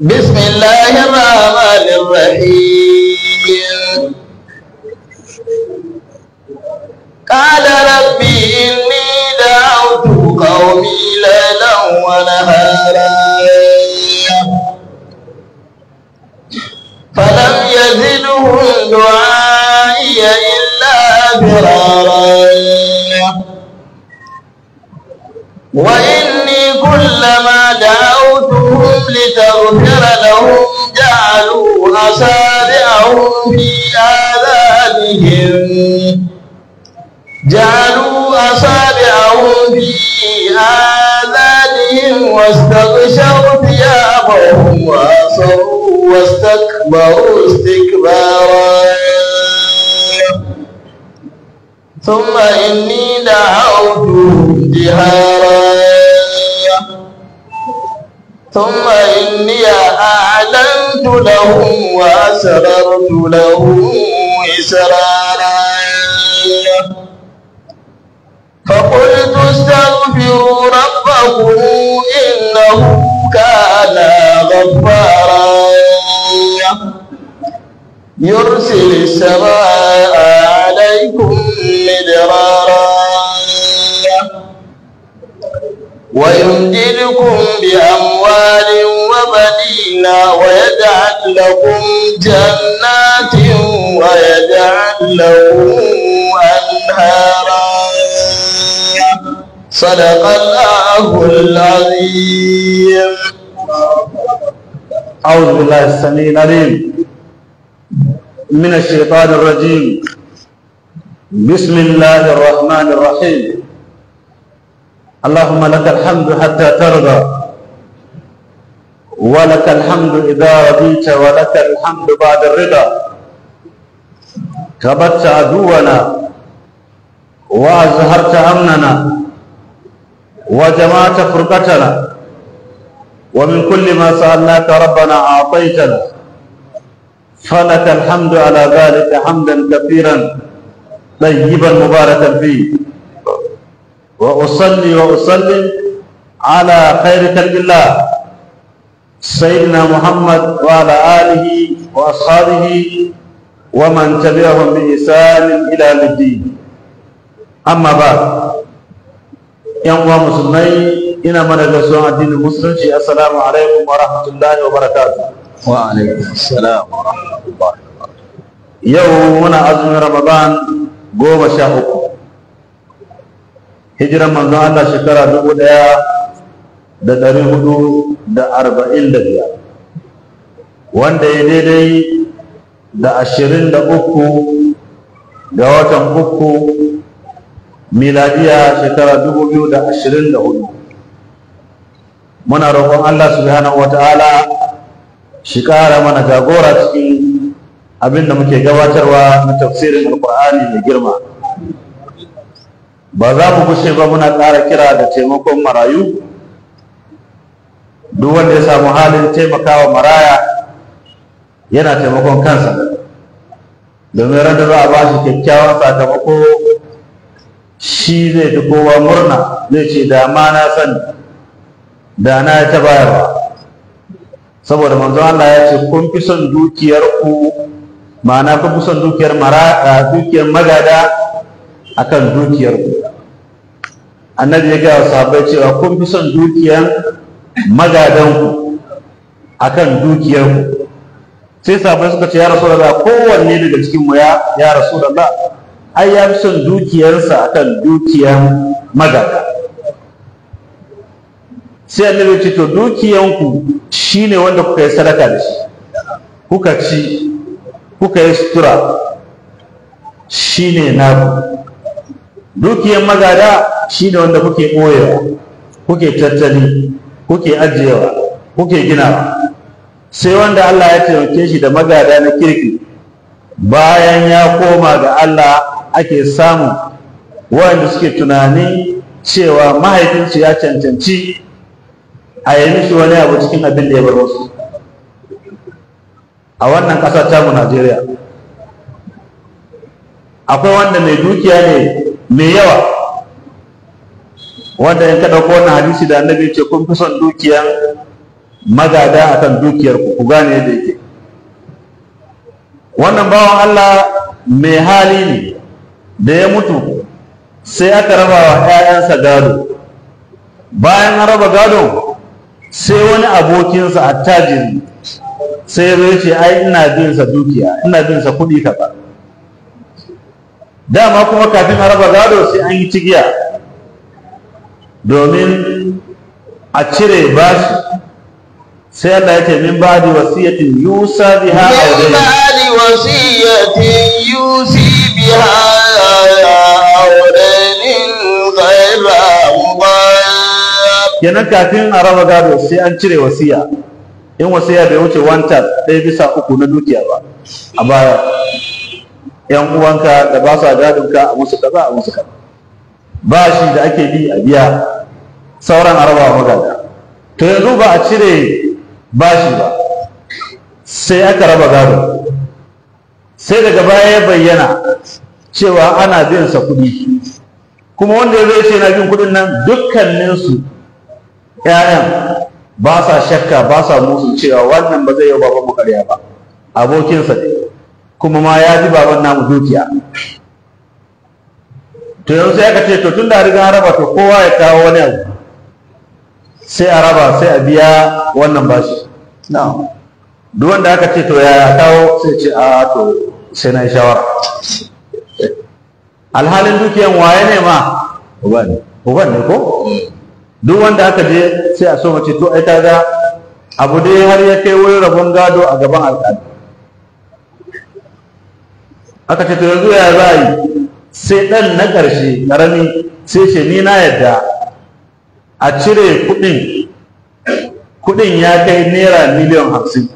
بسم الله الرحمن الرحيم قال ربي إني دعوت قومي ليلا ونهارا فلم يزدهم دعائي إلا فرارا وإني كلما دعوتهم لتغفر لهم جعلوا أصابعهم في آذانهم جعلوا أصابعهم في آذانهم واستغشوا ثيابهم وأصروا واستكبروا استكبارا ثم إني دعوتهم جهارا ثم إني أعلنت لهم وأسررت لهم إسرارا فقلت استغفروا ربكم إنه كان غفارا يرسل السماء عليكم مدرارا ويمددكم بأموال وبنين ويجعل لكم جنات ويجعل لكم أنهارا صدق الله العظيم أعوذ بالله السميع العليم من الشيطان الرجيم بسم الله الرحمن الرحيم اللهم لك الحمد حتى ترضى ولك الحمد إذا رضيت ولك الحمد بعد الرضا كبت عدونا وأزهرت أمننا وجمعت فرقتنا ومن كل ما سألناك ربنا أعطيتنا فلك الحمد على ذلك حمدا كثيرا طيبا مباركا فيه وأصلي وأسلم على خير خلق الله سيدنا محمد وعلى آله وأصحابه ومن تبعهم بإحسان إلى الدين أما بعد يا مسلمين ina mana gaisuwan addinin musulunci assalamu alaikum alaikum wa rahmatullahi wa barakatuh yau muna azumin ramadan goma sha uku hijiran manzon Allah shekara dubu ɗaya da ɗari hudu da arba'in da biyar wanda ya daidai da ashirin da uku ga watan uku miladiya shekara dubu biyu da ashirin da hudu muna roƙon Allah subhanahu wa ta'ala shi ƙara mana jagora cikin abinda muke gabatarwa na tafsirin alkur'ani mai girma ba za mu kushe ba muna ƙara kira da taimakon marayu duk wanda ya samu halin taimakawa maraya yana taimakon kansa domin randa za a ba shi kyakkyawan sakamako shi zai fi kowa murna zai ce da ma na sani da na ta bayarwa saboda manzo Allah ya ce kun fi son dukiyarku ma'ana kun fi son dukiyar magada akan dukiyar ku. annabi ya gaya wa sahabbai cewa kun fi son dukiyar magadanku akan dukiyar ku. sai sahabbai suka ce ya rasu da kowanne daga cikinmu ya rasu da ai ya fi son dukiyarsa akan dukiyar magada sai annabi ce to dukiyanku shine wanda kuka yi sadaka da shi kuka ci kuka yi sutura shi ne naku dukiyar magada shi ne wanda kuke ɓoyewa kuke tattali kuke ajiyewa kuke gina. sai wanda Allah ya taimake shi da magada na kirki bayan ya koma ga Allah ake samu, wanda suke tunani cewa mahaifinsu ya cancanci a yi mishi wani abu cikin abin da ya bar wasu a wannan ƙasa tamu najeriya akwai wanda mai dukiya ne mai yawa wanda in ka wannan hadisi da annabi ce kun fi son dukiya magada akan dukiyar ku gane yadda yake wannan bawan Allah mai hali ne da ya mutu sai aka raba wa ‘ya'yansa gado bayan an raba gado sai wani abokinsa a attajiri sai ya ce ai ina bin sa dukiya ina bin sa kuɗi kaza dama kuma kafin a raba gado sai an yi cigiya domin a cire bashi sai Allah ya ce min ba'di wasiyatin yusa biha aw dayn min ba'di wasiyatin yusi biha aw dayn ghayra mudar kenan kafin a raba gado sai an cire wasiya in wasiya bai wuce wanta ɗaya bisa uku na dukiya ba a baya yan uwanka da ba sa gadinka a musu kaza a musu kaza ba shi da ake bi a biya sauran araba magada to yanzu ba a cire bashi ba sai aka raba gado sai daga baya ya bayyana cewa ana bin sa kuɗi kuma wanda ya zai ce na bin kuɗin nan dukkaninsu 'ya'yan ba sa shakka ba sa musu cewa wannan ba zai yi baban mu karya ba abokinsa ne kuma ma ya ji baban namu dukiya to yanzu sai aka ce to tun da riga raba to kowa ya kawo wani abu sai a raba sai a biya wannan bashi na'am duk wanda aka ce to ya kawo sai ce a to sai na yi shawara alhalin dukiyan waye ne ma uban uban ne ko duk wanda aka je sai a so mace to ai kaga abu dai har ya kai wurin rabon gado a gaban alƙali aka ce to yanzu ya za yi sai ɗan na ƙarshe ƙarami sai ce ni na yadda a cire kuɗin kuɗin ya kai naira miliyan hamsin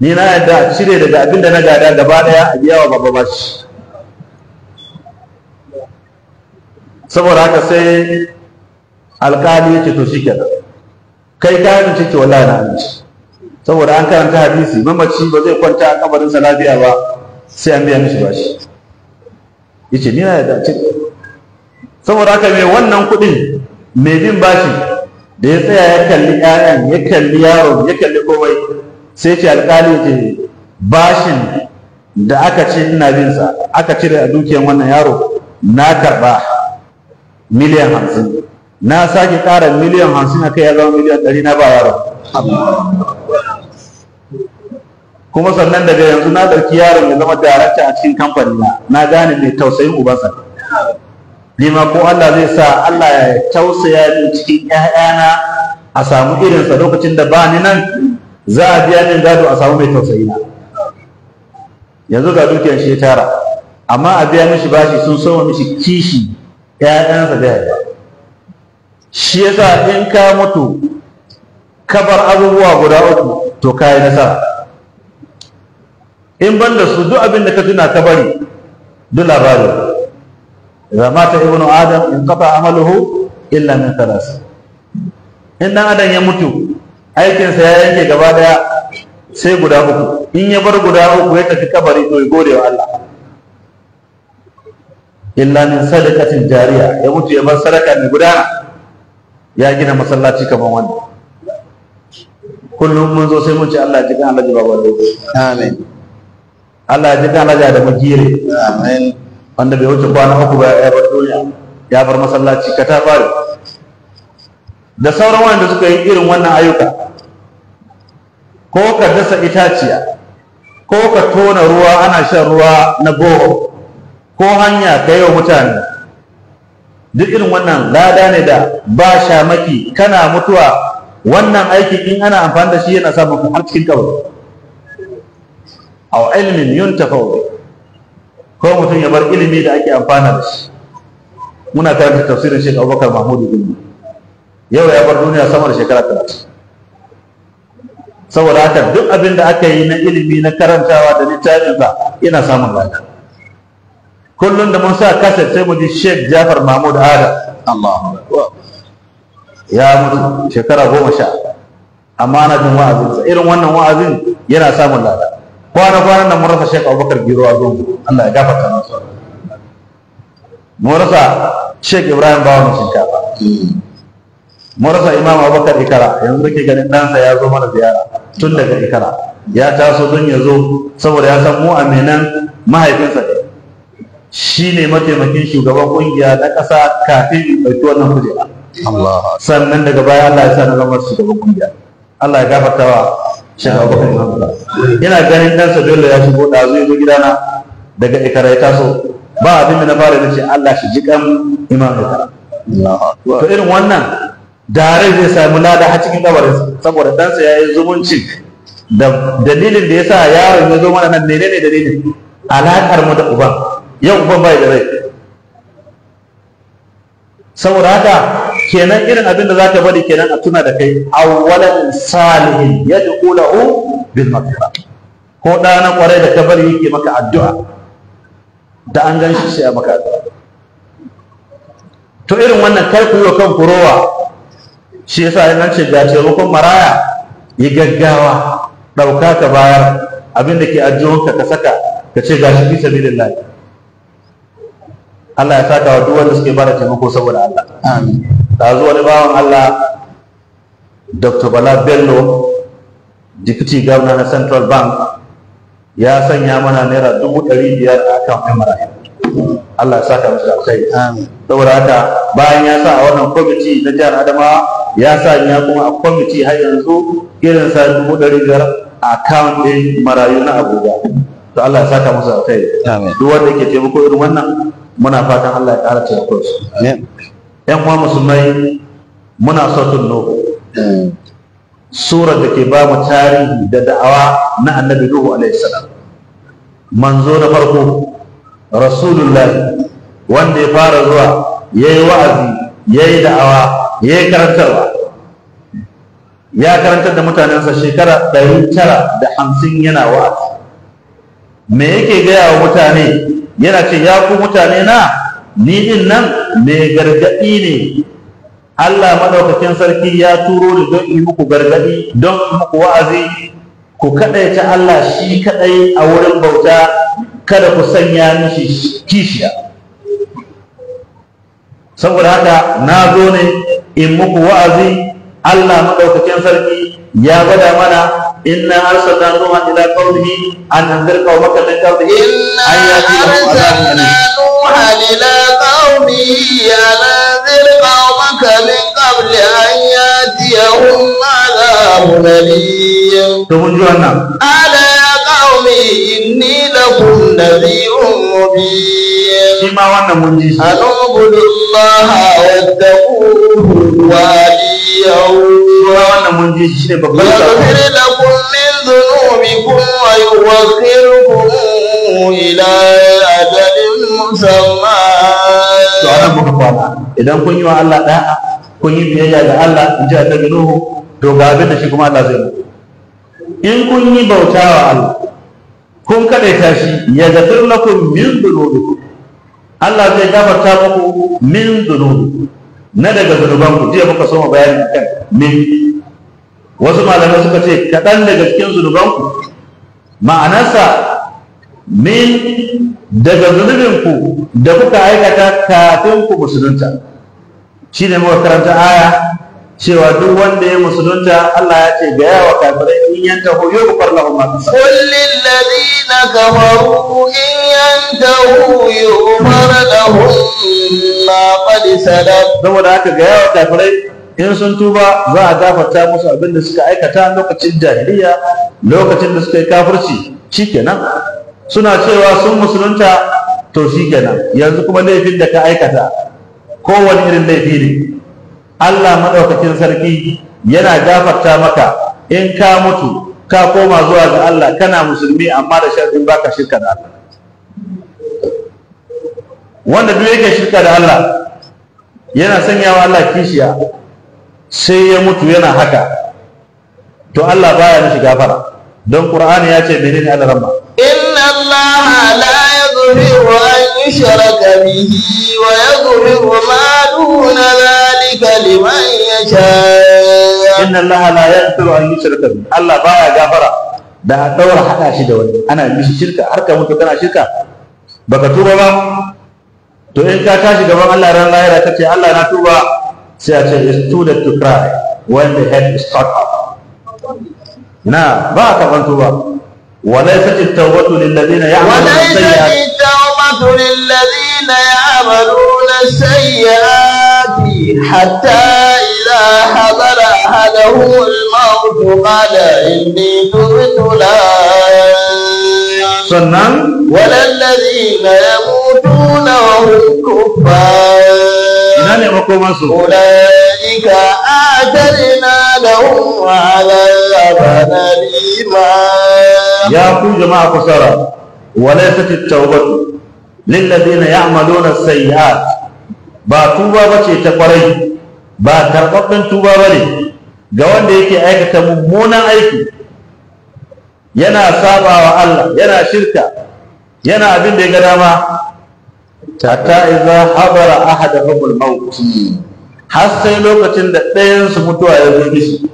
ni na yadda a cire daga abin da na gada gaba ɗaya a biya wa babba bashi saboda haka sai alƙali ya ce to shi kenan kai ka yi ce wala na amince saboda an karanta hadisi mamaci ba zai kwanta a kabarinsa lafiya ba sai an biya mishi ba shi ya ni na da dace saboda aka mai wannan kuɗin mai bin bashi da ya tsaya ya kalli ƴaƴan ya kalli yaron ya kalli komai sai ce alƙali ya ce bashin da aka ce ina bin sa aka cire a dukiyar wannan yaro na karɓa miliyan hamsin na sake ƙara miliyan hamsin a kai ya zama miliyan ɗari na ba yaro kuma sannan daga yanzu na ɗauki yaron ya zama darakta a cikin kamfani na na gane mai tausayin ubansa ni ma ko Allah zai sa Allah ya tausaya min cikin ƴaƴana a samu irinsa lokacin da ba ni nan za a biya min gado a samu mai tausayi na yanzu ga dukiyar shi ya tara amma a biya mishi bashi sun soma mishi kishi ƴaƴansa da yarda shi ya sa in ka mutu kabar abubuwa guda uku to ka yi nasara in ban da su duk abin da ka tuna kabari, duk labari labarin ma ta ibnu adam in kafa amaluhu illa min talas in dan adam ya mutu aikinsa ya yanke gaba daya sai guda uku in ya bar guda uku ya tafi kabari to ya gode wa Allah illa min sadaqatin jariya ya mutu ya bar sadaka ne gudana ya gina masallaci kamar wannan kullum mun zo sai mun ce Allah ya jikan Allah ya Baba Dogo amin Allah ya jikan Allah ya da Gire amin wanda bai wuce kwana uku ba ya bar duniya ya bar masallaci ka ta fara da sauran wanda suka yi irin wannan ayyuka ko ka dasa itaciya ko ka tona ruwa ana shan ruwa na boho ko hanya ka yi wa mutane duk irin wannan lada ne da ba shamaki kana mutuwa wannan aiki in ana amfani da shi yana samun ku har cikin kabari aw ilmin ta bi ko mutum ya bar ilimi da ake amfana da shi muna karanta tafsirin Sheikh Abubakar Mahmud Gumi yau ya bar duniya sama da shekara 30 saboda haka duk abin da aka yi na ilimi na karantawa da ba yana samun lada kullum da mun sa kasar sai mu ji Sheikh Jafar Mahmud ada Allahu ya mutu shekara goma sha amma na jin sa irin wannan wa'azin yana samun lada kwana kwanan nan mun rasa Sheikh Abubakar Giro a zongo Allah ya gafarta masa mun rasa Sheikh Ibrahim Bawa shinkafa mun rasa Imam Abubakar Ikara yanzu kake ganin ɗansa ya zo mana ziyara tun daga Ikara ya taso don ya zo saboda ya san mu a menan mahaifinsa shi ne mataimakin shugaban kungiya na ƙasa kafin in ɗauki wannan kujera sannan daga baya Allah ya sa na zama shugaban kungiya Allah ya gafarta wa shugaban kungiya ina ganin ɗansa dole ya shigo da zai zo gidana daga ikara ya taso ba abin da na fara da ce Allah shi jikan imam ikara to irin wannan dare zai sami lada har cikin kabarin saboda ɗansa ya yi zumunci dalilin da ya sa yaron ya zo mana nan menene dalilin alaƙar mu da uban yau ban bai da rai saboda haka kenan irin abin da za ka bari kenan a tuna da kai awwalan salihin yad'ulahu bil maghfira ko da na kwarai da ka bari yake maka addu'a da an gan shi sai a maka addu'a to irin wannan kai ku yi kan kurowa shi yasa yana ce ga taimakon maraya yi gaggawa ɗauka ka bayar abin da ke ajiyonka ka saka ka ce ga shi fi sabilillahi Allah ya saka wa duk wanda suke bada taimako saboda Allah amin Ta zuwa ni bawan Allah Dr. Bala Bello Deputy Governor na Central Bank ya sanya mana naira dubu ɗari biyar a kan mai Allah ya saka masa alkhairi saboda haka bayan ya sa a wannan kwamiti na jihar Adamawa ya sanya kuma a kwamiti har yanzu irin sa dubu ɗari biyar a kan marayu na Abuja to Allah ya saka masa alkhairi duk wanda ke taimako irin wannan muna fatan Allah ya ƙara taimakon su ‘Yan kuma musulmai muna tun no. surar da ke ba mu tarihi da da'awa na annabi nuhu alaihi salam manzo na farko rasulullah wanda ya fara zuwa ya yi wa'azi yi da'awa ya yi karantarwa ya karantar da mutanensa shekara ɗari tara da hamsin yana wa'azi me yake gaya wa mutane yana ce ya ku mutane na ni din nan mai gargaɗi ne Allah madaukakin sarki ya turo ni don yi muku gargaɗi don yi muku wa'azi ku kaɗaita Allah shi kaɗai a wurin bauta kada ku sanya mishi kishiya saboda haka na zo ne in muku wa'azi Allah madaukakin sarki ya gwada mana إنا أرسلنا نوحا إلى قومه أن أنذر قومك من قبله أن يأتيهم عذاب نوحا إلى قومه أن أنذر قومك من قبل أن يأتيهم عذاب أليم ألا يا قوم إني لكم نذير مبين أن اعبدوا الله واتقوه يوما يغفر لكم من ذنوبكم ويوخركم إلى أجل مسمى idan kun yi wa Allah da'a kun yi biyayya da Allah in ji annabi Nuhu to ga abin da shi kuma Allah zai muku in kun yi bauta wa Allah kun kadaita shi ya na kun min zunubi. Allah zai gabata muku min zunubi. na daga zunubanku jiya muka soma bayanin kan min wasu malamai suka ce kaɗan daga cikin zunubanku? ku ma'anarsa min daga zunubin ku da kuka aikata kafin ku musulunta shi ne muka karanta aya cewa duk wanda ya musulunta Allah ya ce ga yawa kafirai in yanta hoyo ku farla ma kullil ladhi كفروا إن ينتهوا يغفر saboda haka ga yawa kafirai in sun tuba za a gafarta musu abin da suka aikata lokacin jahiliya lokacin da suka yi kafirci shikenan suna cewa sun musulunta to shikenan yanzu kuma laifin da ka aikata kowane irin laifi ne Allah madaukakin sarki yana gafarta maka in ka mutu ka koma zuwa ga Allah kana musulmi amma da sharɗin baka shirka da Allah wanda duk yake shirka da Allah yana sanyawa Allah kishiya sai ya mutu yana haka to Allah baya mishi gafara don Qur'ani ya ce menene Allah ramma inna Allah la yaghfiru an yushraka bihi wa yaghfiru ma duna dhalika liman yasha inna allaha la yaghfiru an yushraka bihi Allah baya gafara da daura hada shi da wani ana mishi shirka har ka mutu kana shirka baka tuba ba to in ka tashi gaban Allah ran lahira ka ce Allah na tuba sai a ce is too late to cry when the head is cut off na ba ka ban tuba وليست التوبة للذين يعملون السيئات للذين يعملون السيئات حتى إذا حضر أحدهم الموت قال إني تبت الآن ولا الذين يموتون وهم كفار أولئك أعتدنا لهم عذابا أليما يا أخو جماعة كسرى وليست التوبة lillazina ya'maluna sayyi'at ba tuba bace ta kwarai ba karɓaɓɓen tuba bane ga wanda yake aikata mummunan aiki yana sabawa Allah yana shirka yana abin da ya ga dama tata idza habara ahadahum al-maut har sai lokacin da ɗayan su mutuwa ya zo mishi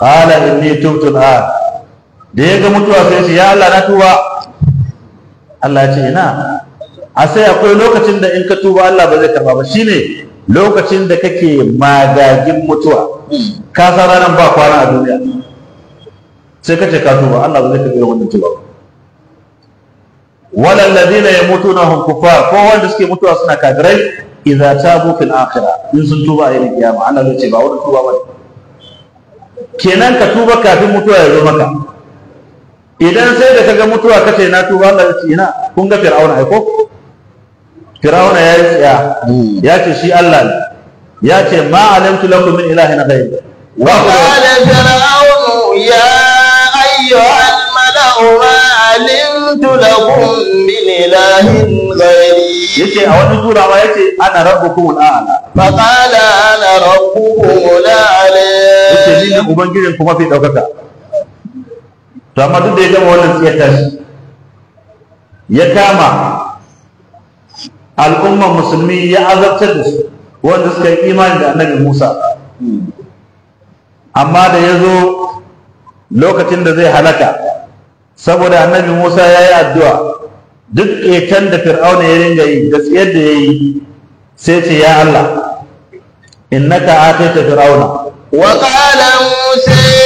qala inni tubtu al da ya ga mutuwa sai su ya Allah na tuba Allah ya ce ina a sai akwai lokacin da in ka tuba Allah ba zai karba ba shine lokacin da kake magagin mutuwa ka san ranar ba kwana a duniya sai ka ce ka tuba Allah ba zai karba wannan tuba walal ladina yamutuna hum kuffar ko wanda suke mutuwa suna kafirai idza tabu fil akhirah in sun tuba a yayin kiyama Allah zai ce ba wani tuba ba kenan ka tuba kafin mutuwa ya zo maka idan sai da kaga mutuwa ka na tuba Allah ya ina kun ga fir'auna ai ko fir'auna ya yi tsaya hmm. ya ce shi Allah ne ya ce ma alamtu lakum min ilahin ghayr wa qala fir'aunu ya ayyuha al-mala'u ma alimtu lakum min ilahin ghayri yace a wani turawa ma yace ana rabbukum al-a'la fa qala ana rabbukum al-a'la yace ni ubangijin kuma fi daukaka to amma duk da ya gama wannan tsiyar tashi ya kama al'ummar musulmi ya azabtar da su wanda suka yi imani da annabi Musa amma da ya zo lokacin da zai halaka saboda annabi Musa ya yi addu'a duk ƙetan da fir'auna ya ringa yi da tsayar da ya yi sai ce ya Allah innaka ta fir'auna wa qala musa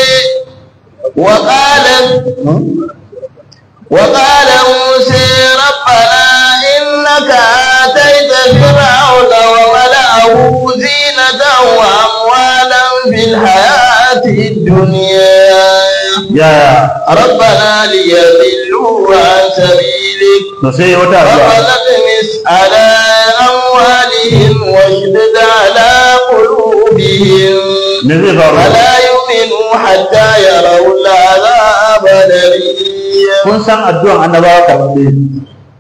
وقال وقال موسى ربنا إنك آتيت فرعون وملأه زينة وأموالا في الحياة الدنيا يا ربنا ليضلوا عن سبيلك ربنا على أموالهم واشدد على قلوبهم فلا يؤمنون yu'minu hatta yarau al'azab al-alim kun san addu'an annabawa kamar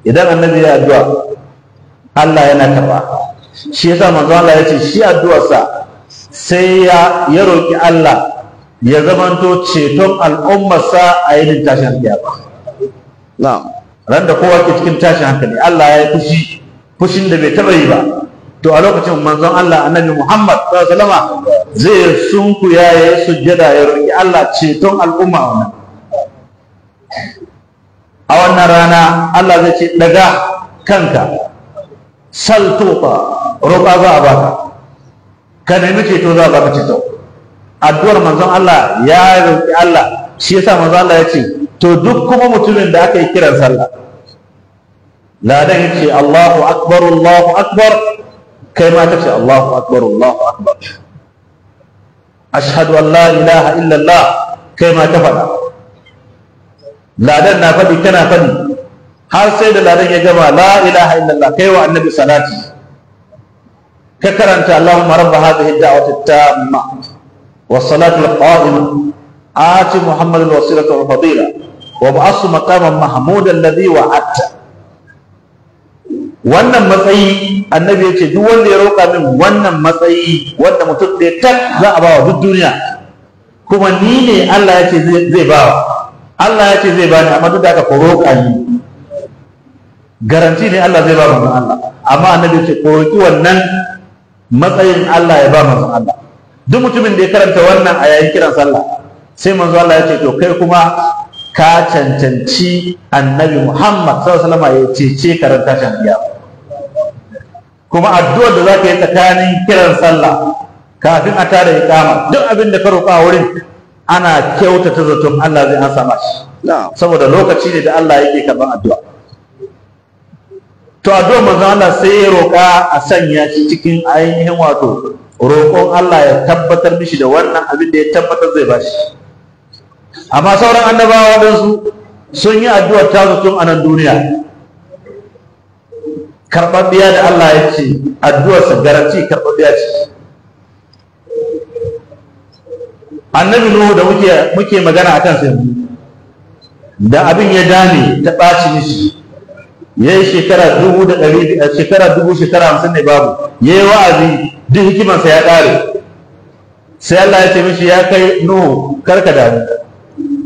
idan annabi ya addu'a Allah yana karba shi yasa manzo Allah ya ce shi addu'arsa sai ya ya roki Allah ya zamanto ceton al'ummarsa a yinin tashin kiyama na'am ran da kowa ke cikin tashin hankali Allah ya yi fushi fushin da bai taba yi ba to a lokacin manzon Allah annabi Muhammad sallallahu alaihi zai sunkuya ya yi sujjada ya roki Allah ceton al'umma wannan a wannan rana Allah zai ce daga kanka saltuqa roƙa za a baka ka nemi ceto za a baka ceto addu'ar manzon Allah ya roki Allah shi yasa manzon Allah ya ce to duk kuma mutumin da aka yi kiran sallah ladan ya ce Allahu akbar Allahu akbar كما تفشي الله أكبر الله أكبر أشهد أن لا إله إلا الله كما تفعل لا دنا فدي كنا فدي هل سيد لا دنا جمع لا إله إلا الله كيما النبي صلى الله عليه أنت اللهم رب هذه الدعوة التامة والصلاة القائمة آتي محمد الوسيلة الفضيلة وبعص مقام محمود الذي وعدته wannan matsayi annabi ya ce duk wanda ya roƙa min wannan matsayi wanda mutum ɗaya tak za a bawa duk duniya kuma ni ne Allah ya ce zai bawa Allah ya ce zai bani amma duk da aka ko roƙa ni garanti ne Allah zai ba mu Allah amma annabi ya ce ko roƙi wannan matsayin Allah ya ba mu Allah duk mutumin da ya karanta wannan a yayin kiran sallah sai manzo Allah ya ce to kai kuma ka cancanci annabi Muhammad sallallahu alaihi wasallam ya cece karanta shan biya kuma addu'ar da za ka yi tsakanin kiran sallah kafin a tada ikama duk abin da ka roƙa wurin ana kyautata zaton Allah zai ansa mashi saboda lokaci ne da Allah yake karban addu'a to addu'a manzon Allah sai ya roƙa a sanya shi cikin ainihin wato roƙon Allah ya tabbatar mishi da wannan abin da ya tabbatar zai bashi amma sauran annabawa waɗansu sun yi addu'ar ta zaton a nan duniya karɓaɓɓiya da Allah ya ce addu'arsa garanti karɓaɓɓiya ce annabi nuhu da muke muke magana akan sa da abin ya dame ta ɓaci mishi ya yi shekara dubu da ɗari shekara dubu shekara hamsin ne babu ya yi wa'azi duk hikimansa ya ƙare sai Allah ya ce mishi ya kai nuhu karka damu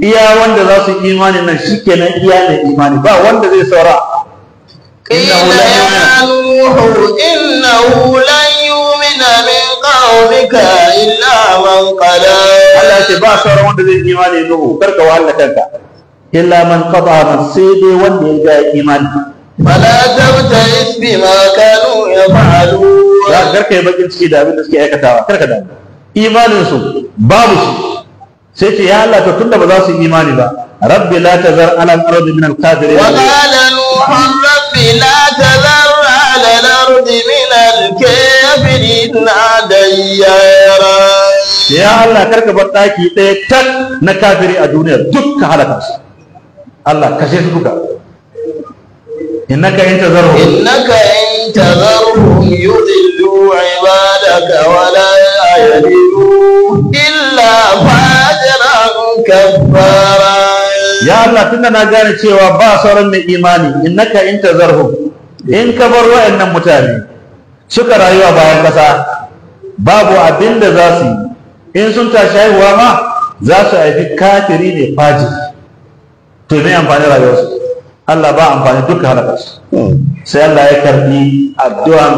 iya wanda za su imani nan shikenan iya ne imani ba wanda zai saura Allah ce ba sauran wanda zai yi imani nuhu karka wahala kanka. Illa man qada man sai dai wanda ya ga imani. Fala tabta isbi ma kanu yafalu. Ya garkai bakin ciki da abin da suke aikatawa karka da. Imanin su babu Sai ce ya Allah to tunda ba za su yi imani ba. Rabbi la tazar ala al-ardi min al-kafirin. لا تذر على الأرض من الكافرين ديارا يا الله كرك بطاكي تك نكافري الدنيا دك على كاس الله كشف دك إنك إن تذرهم إنك إن تذرهم يضلوا عبادك ولا يلدوا إلا فاجرا كفارا ya Allah da na gane cewa ba sauran mai imani innaka in tazarhu in ka bar wayannan mutane suka rayuwa bayan kasa babu abin da za su in sun tashi haihuwa ma za su haifi kafiri ne faji to me amfani rayuwarsu Allah ba amfani duka su sai Allah ya karbi addu'an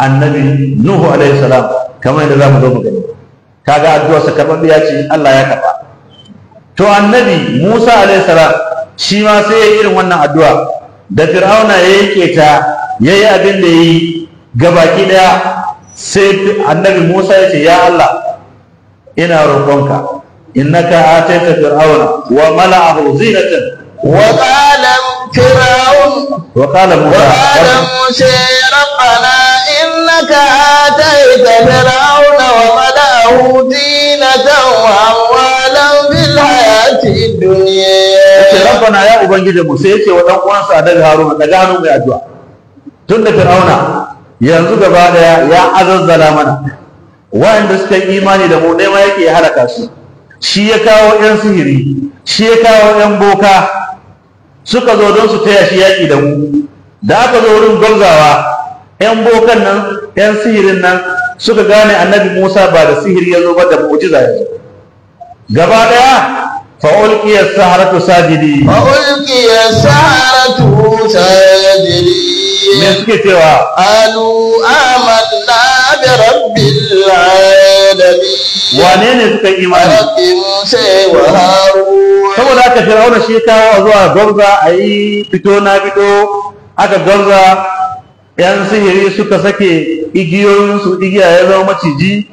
annabi Nuhu alaihi salam kamar yadda za mu zo mu gani kaga addu'arsa karɓaɓɓiya ce Allah ya karɓa to annabi Musa alayhi salam shi ma sai ya yi irin wannan addu'a da Fir'auna ya yake ta yayi abin da yi gabaki daya sai annabi Musa ya ce ya Allah ina roƙonka innaka ataita fir'auna wa mala'ahu zinatan wa qala fir'aun wa qala Musa wa Musa rabbana innaka ataita fir'auna wa mala'ahu zinatan wa hayati dunya yace rabbana ya ubangiji mu sai yake wa dan uwansa daga haruna daga hannun mai addu'a tun da fir'auna yanzu gaba daya ya azazzala mana wa'anda suka yi imani da mu ne ma yake halaka su shi ya kawo yan sihiri shi ya kawo yan boka suka zo don su taya shi yaƙi da mu da aka zo wurin gwamzawa yan bokan nan yan sihirin nan suka gane annabi Musa ba da sihiri ya zo ba da mu'jiza ya gaba daya فألقي السحرة ساجدين فألقي السحرة ساجدين مسك سوى قالوا آمنا برب العالمين وانين سكا إيمان رب موسى وهارون saboda aka fir'auna shi kawo zuwa gwamza a yi fito na fito aka gwamza yan sihiri suka sake igiyoyinsu igiya ya zama maciji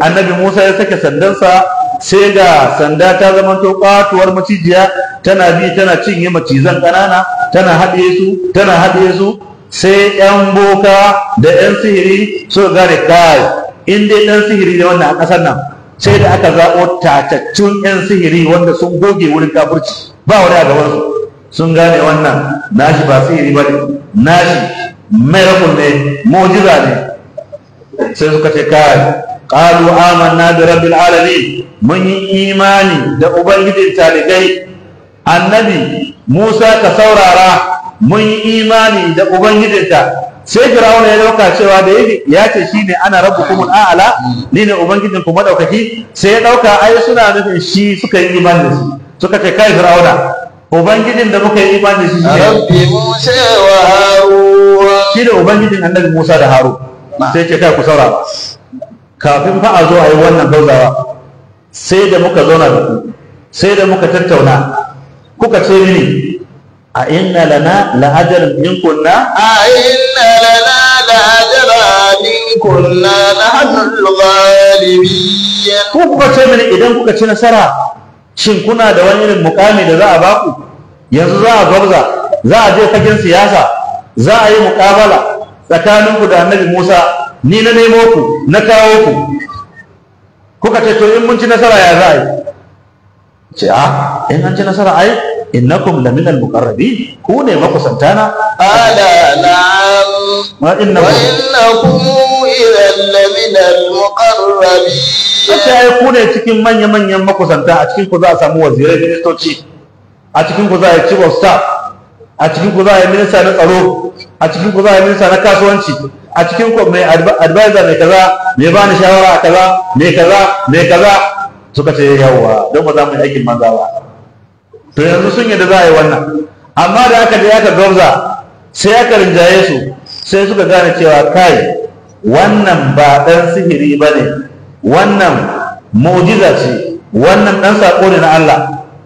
annabi musa ya sake sandansa sai ga sanda ta zama to kwatuwar macijiya tana bi tana cinye macizan ƙanana tana haɗe su tana haɗe su sai yan boka da yan sihiri su gane kai in dai ɗan sihiri ne wannan a ƙasar nan sai da aka zaɓo tatattun yan sihiri wanda sun goge wurin kafurci ba wani a su, sun gane wannan nashi ba sihiri ba ne nashi miracle ne mojiza ne sai suka ce kai qalu amanna da rabbil alami mun yi imani da ubangijin talibai annabi Musa ka saurara mun yi imani da ubangijinta sai Firauna ya dauka cewa da ya ce shi ne ana rabbukumul a'la ni ne ubangijin ku madaukaki sai ya dauka ai suna nufin shi suka yi imani da su suka ce kai Fir'auna ubangijin da muka yi imani da shi ne rabbi Musa wa Harun shi ne ubangijin annabi Musa da Haru. sai ke kai ku saurara kafin fa a zo a yi wannan gauzawa sai da muka zauna da ku sai da muka tattauna kuka ce mini a inna lana la yin kunna a inna lana la ajran kunna na hannun ghalibin Ko kuka ce mini idan kuka ci nasara shin kuna da wani irin mukami da za a baku yanzu za a gwabza za a je fagen siyasa za a yi mukabala tsakaninku da annabi Musa ni na nemo ku na kawo ku kuka ce to in mun ci nasara ya za a yi ce a ah, in an ci nasara ai innakum la min al muqarrabi ku ne makusanta na ala na'am wa innakum ila la min al muqarrabi sai ai ku ne cikin manya manyan makusanta a cikin ku za a samu wazirai ministoci a cikin ku za a yi chief of staff a cikin ku za a yi minista na tsaro a cikin ku za a yi minista na kasuwanci a cikin ku mai advisor mai kaza mai bani shawara kaza mai kaza mai kaza suka ce yawa don ba za mu yi aikin maza ba to yanzu sun da za a yi wannan amma da aka je aka gauza sai aka rinjaye su sai suka gane cewa kai wannan ba ɗan sihiri ba ne wannan mu'jiza ce wannan ɗan sako ne na Allah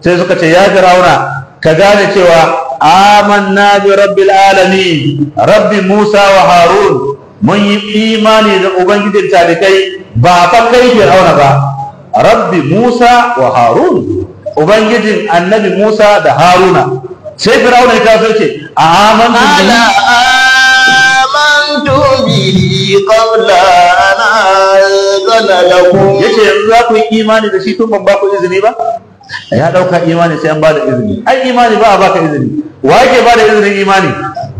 sai suka ce ya garauna ka gane cewa amanna bi rabbil alamin rabbi Musa wa Harun mun yi imani da ubangijin talikai ba fa kai fir'auna ba rabbi musa wa harun ubangijin annabi musa da haruna sai fir'auna ya kafa ce a amantu bihi amantu bihi qabla an anzala lakum yanzu za ku yi imani da shi tun ban ba ku izini ba ya dauka imani sai an ba da izini ai imani ba a izini wa yake ba da izinin imani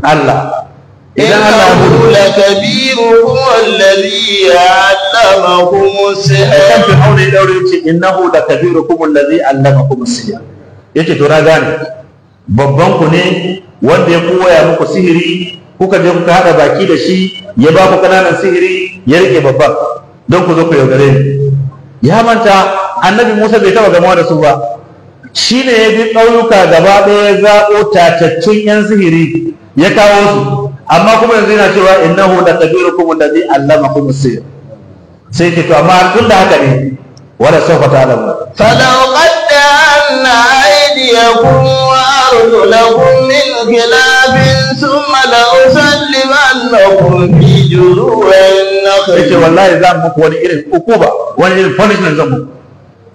Allah idan Allah ya hudu la kabiru huwa alladhi allamakum sihr kan aure daure ce innahu babban ku ne wanda ya koya muku sihiri kuka je kuka hada baki da shi ya ba ku kananan sihiri ya rike babba don ku zo ku yaudare ni ya manta annabi Musa bai taba gama da su ba Shi ne ya bi ɗauyuka gaba ɗaya ya zaɓo tatattun 'yan sihiri ya kawo su amma kuma yanzu yana cewa innahu la kabirukum alladhi allamakum as-sir sai ke to amma tun da haka ne wala sawfa ta'lamu fa law qaddanna aydiyakum wa arjulakum min khilafin thumma la usallimannakum fi juru'in nakhil yace wallahi zan muku wani irin ukuba wani irin punishment zan muku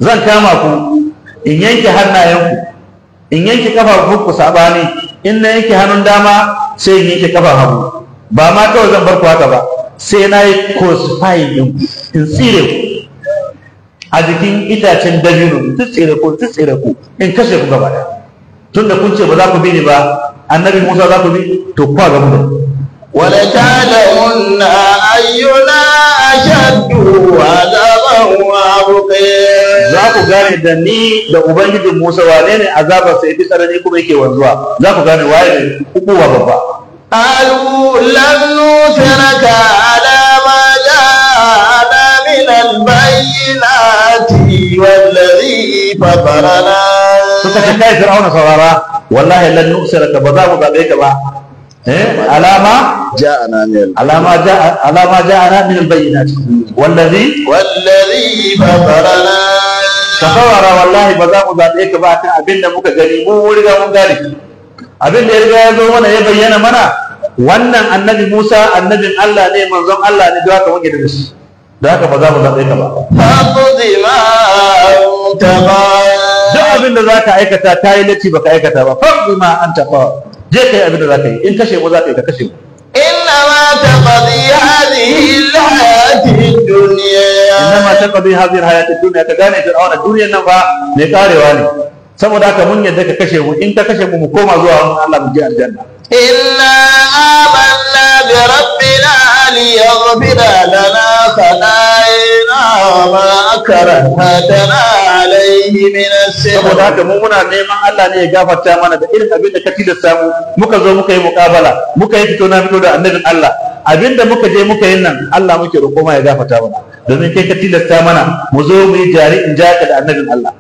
zan kama ku in yanke hannayenku in yanke kafafunku sabani in na yanke hannun dama sai yi ke kafa hagu ba ma kawai zan bar ku haka ba sai na yi crucify din in tsire ku a jikin itacen dabino duk tsire ku duk tsire ku in kashe ku gaba da da kun ce ba za ku bi ni ba annabi Musa za ku bi to ku ga mu da ولتعلمن أينا أشد عذابا وأبقي za ku gane da ni da ubangijin Musa wane ne azabar sai fi tsanani kuma yake wanzuwa za ku gane waye ne hukuma babba qalu lan nusiraka ala ma ja'ana min al-bayyinati wallazi suka ce kai a saurara wallahi lan nusiraka ba za mu zabe ka ba eh? alama ja'ana min alama ja'ana min al-bayyinati wallazi ka wallahi ba za mu zaɓe ka ba kan abin da muka gani mu riga mun gane abin da ya riga ya zo mana ya bayyana mana wannan annabi Musa annabin Allah ne manzon Allah ne da haka muke da shi da haka ba za mu zaɓe ka ba duk abin da za ka aikata ta yi lati ba ka aikata ba fa ma an tafa je ka yi abin da za ka yi in kashe mu za ka yi ka kashe mu إنما تقضي هذه الحياة الدنيا إنما تقضي هذه الحياة الدنيا كجانا فرعون الدنيا نبا نكاري واني saboda haka mun yadda ka kashe mu in ta kashe mu mu koma zuwa wannan Allah mu je aljanna amanna bi rabbina ليغفر لنا خطايانا وما كرهتنا عليه من السر saboda haka mu muna neman Allah ne ya gafarta mana da irin abin da ka tilasta mu muka zo muka yi muƙabala muka yi fito na fito da annabin Allah abin da muka je muka yi nan Allah muke roƙo ma ya gafarta mana domin kai ka tilasta mana mu zo mu yi jari in jaka da annabin Allah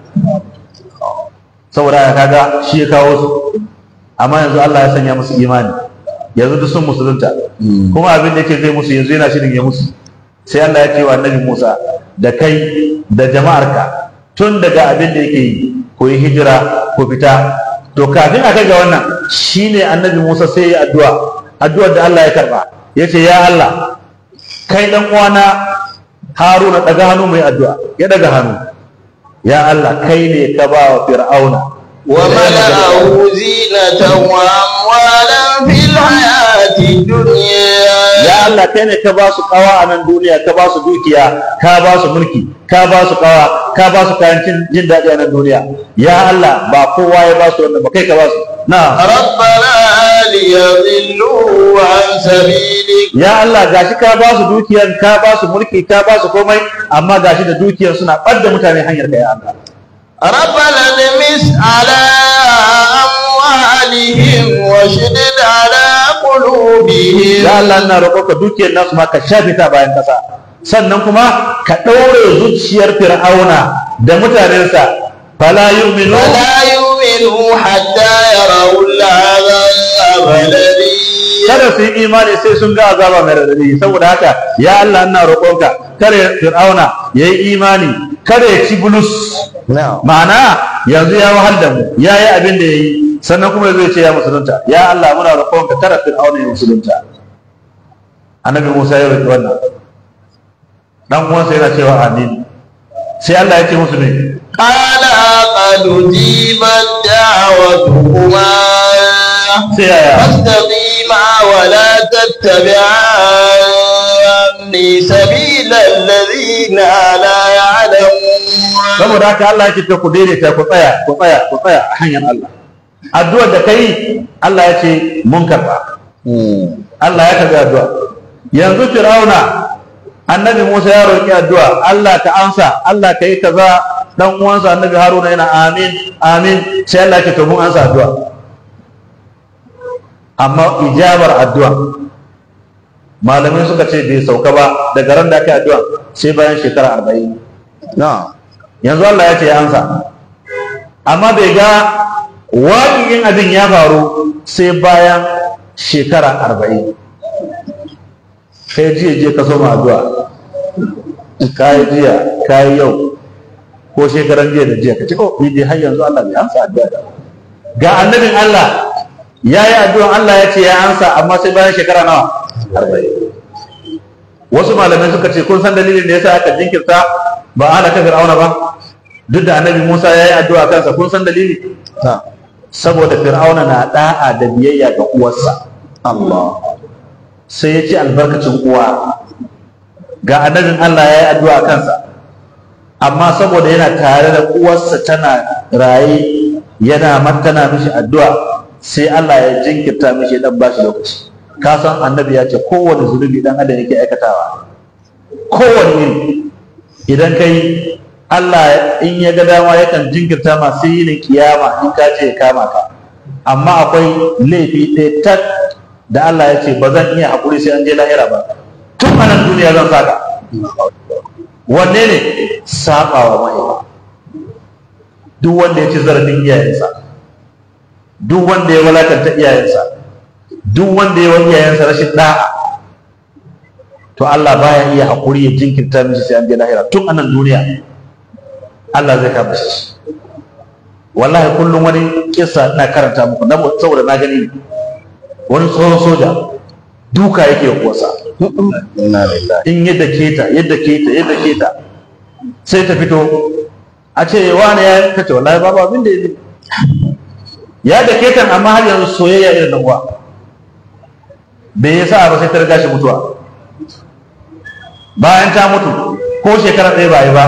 saboda haka shi ya kawo su amma yanzu Allah ya sanya musu imani yanzu duk sun musulunta hmm. kuma abin da yake zai musu yanzu yana shirin ya musu sai Allah ya ce wa annabi Musa da kai da jama'arka tun daga abin da yake yi ko yi hijira ko fita to kafin a kai ga wannan shine annabi Musa sai ya addu'a addu'ar da Allah ya karba yace ya Allah kai dan uwana Haruna daga hannu mai addu'a ya daga hannu ya Allah kai ne ka ba wa Fir'auna wa mala'ahu zinatan wa ya Allah kai ne ka ba su kawa a nan duniya ka ba su dukiya ka ba su mulki ka ba su kayan jin daɗi a nan duniya ya Allah ba kowa ya ba su ka ba su ya Allah gashi ka ba su dukiya ka ba su mulki ka ba su komai amma gashi da dukiyar suna barda mutane hanyar ka ya amwalihim wa shidid ala qulubihim ya Allah na roƙo ka dukiyar nasu ka shafe ta bayan kasa sannan kuma ka ɗaure zuciyar fir'auna da mutanensa fala yu'minu fala yu'minu hatta yarawul azab alladhi kada su yi imani sai sun ga azaba mai radadi saboda haka ya Allah ina roƙonka kare fir'auna yayi imani kada ya ci bulus ma'ana yanzu ya wahal da mu ya yi abin da ya yi sannan kuma zai ce ya musulunta ya Allah muna roƙon ka kada fir'auna ya musulunta annabi Musa ya roƙi wannan dan sai yana cewa amin sai Allah ya ce musu ne qala qad ujibat da'watukuma sai ya fastaqima wa la tattabi'a sabila alladhina la saboda haka Allah yake ce ku daidaita ku tsaya ku tsaya ku tsaya a hanyar Allah addu'ar da kai Allah ya ce mun karba Allah ya karba addu'a yanzu Firauna annabi Musa ya roki addu'a Allah ka ansa Allah ka yi kaza dan uwansa annabi Haruna yana amin amin sai Allah ya ce to mun ansa addu'a amma ijabar addu'a malamai suka ce bai sauka ba daga ran da aka addu'a sai bayan shekara arba'in na'am yanzu Allah ya ce ya amsa amma bai ga waƙiƙin abin ya faru sai bayan shekara arba'in kai jiya je ka soma addu'a yi jiya yi yau ko shekaran jiya da jiya ka ce ko, oh, ni dai har yanzu Allah bai amsa addu'a ga annabin Allah ya yi addu'an Allah ya ce ya amsa amma sai bayan shekara nawa arba'in wasu malamai suka ce kun san dalilin da yasa aka jinkirta ba a halaka fir'auna ba duk da annabi Musa ya yi addu'a kansa kun san dalili saboda fir'auna na da'a da biyayya ga uwarsa Allah sai ya ci albarkacin uwa ga annabin Allah ya yi addu'a kansa amma saboda yana tare da uwarsa tana raye yana matana mishi addu'a sai Allah ya jinkirta mishi dan bashi lokaci ka san annabi ya ce kowane zunubi dan adam yake aikatawa kowanne idan kai Allah in ya ga dama yakan jinkirta masu yi yinin kiyama in ka ce ya kama ka amma akwai laifi ɗaya tak da Allah ya ce ba zan iya haƙuri sai an je lahira ba tun a nan duniya zan saka wanne ne saɓawa mai duk wanda ya ci zarafin iyayensa duk wanda ya walakanta iyayensa duk wanda ya wani iyayensa rashin ɗa'a to Allah baya iya hakuri ya jinkirta miji sai an je lahira tun anan duniya Allah zai kama shi wallahi kullum wani kisa na karanta muku na saboda na gani wani tsohon soja duka yake kosa in yadda keta yadda keta yadda keta sai ta fito a ce wani ya kace wallahi babu abin da ya ya da ketan amma har yanzu soyayya irin na uwa bai yasa ba sai ta riga shi mutuwa bayan ta mutu ko shekara ɗaya ba yi ba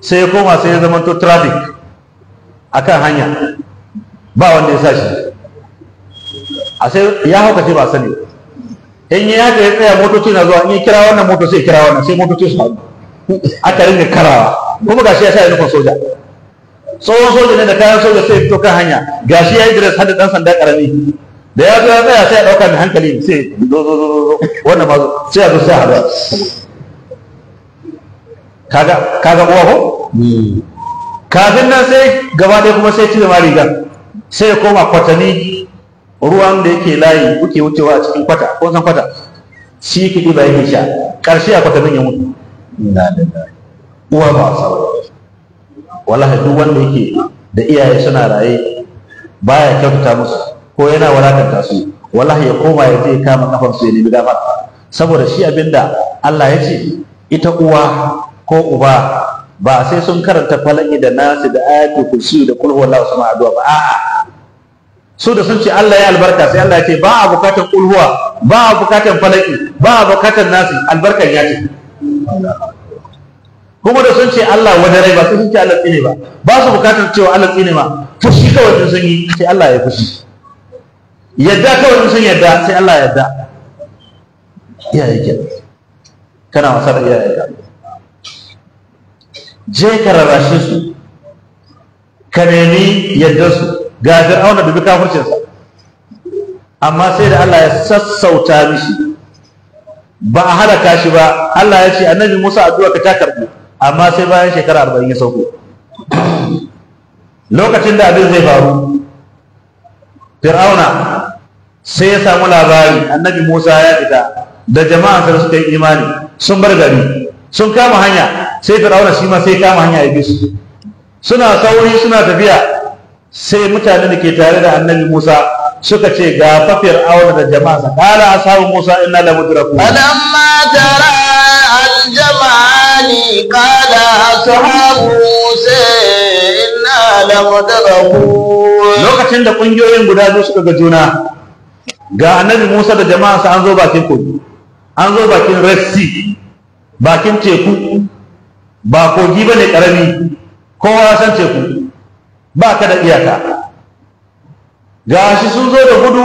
sai ya koma sai ya zama to traffic a kan hanya ba wanda ya sa shi a sai ya haukace ba sani in yi haka ya tsaya motoci na zuwa in yi kira wannan moto sai kira wannan sai motoci su hau aka ringa karawa kuma gashi ya sa yanufin soja tsohon soja ne da kayan soja sai fito kan hanya gashi ya yi dress hada da ɗan sanda ƙarami da ya zo ya tsaya sai ya ɗauka mai hankali sai zo zo zo zo wannan ma sai ya zo sai kaga kaga uwa ko kafin nan sai gaba ɗaya kuma sai cire ma rigar sai ya koma kwatani ruwan da yake layi kuke wucewa a cikin kwata ko san kwata shi yake ɗiba yake sha ƙarshe a kwatanin ya mutu uwa ba sauwa wallahi duk wanda yake da iyaye suna raye baya kyautata musu ko yana walakanta su wallahi ya koma ya je kama kafan su ya nemi dama. saboda shi abinda Allah ya ce ita uwa ko uba ba sai sun karanta falangi da nasu da ayatul kursi da kul huwallahu sama addu'a ba a'a su da sun ce Allah ya albarka sai Allah ya ce ba a bukatar kul huwa ba a bukatar falaki ba a bukatar nasu albarkan ya ce kuma da sun ce Allah wani rai ba sun ce Allah tsine ba ba su bukatar cewa Allah tsine ma fushi kawai sun yi sai Allah ya fushi yadda kawai in sun yadda sai Allah yadda iyaye ke kana wasa da iyaye ka je ka rarrashe su ka nemi yadda su ga fir'auna dubi kafircinsa amma sai da Allah ya sassauta mishi ba a halaka shi ba Allah ya ce annabi Musa addu'a ka ta karbi amma sai bayan shekara arba'in ya sauko lokacin da abin zai faru fir'auna sai ya samu labari annabi Musa ya fita da jama'a da suka yi imani sun bar gari sun kama hanya sai Fir'auna shi ma sai kama hanya ya bi suna sauri suna tafiya sai mutane da ke tare da annabi Musa suka ce ga fa Fir'auna da jama'a sa kala ashabu Musa inna la mudrakun alamma tara al-jama'ani qala ashabu Musa inna la mudrakun lokacin da kungiyoyin guda biyu suka ga juna ga annabi Musa da jama'arsa an zo bakin kogi an zo bakin Red Sea bakin teku ba kogi ba ne ƙarami kowa ya san teku ba ka da iyaka ga shi sun zo da gudu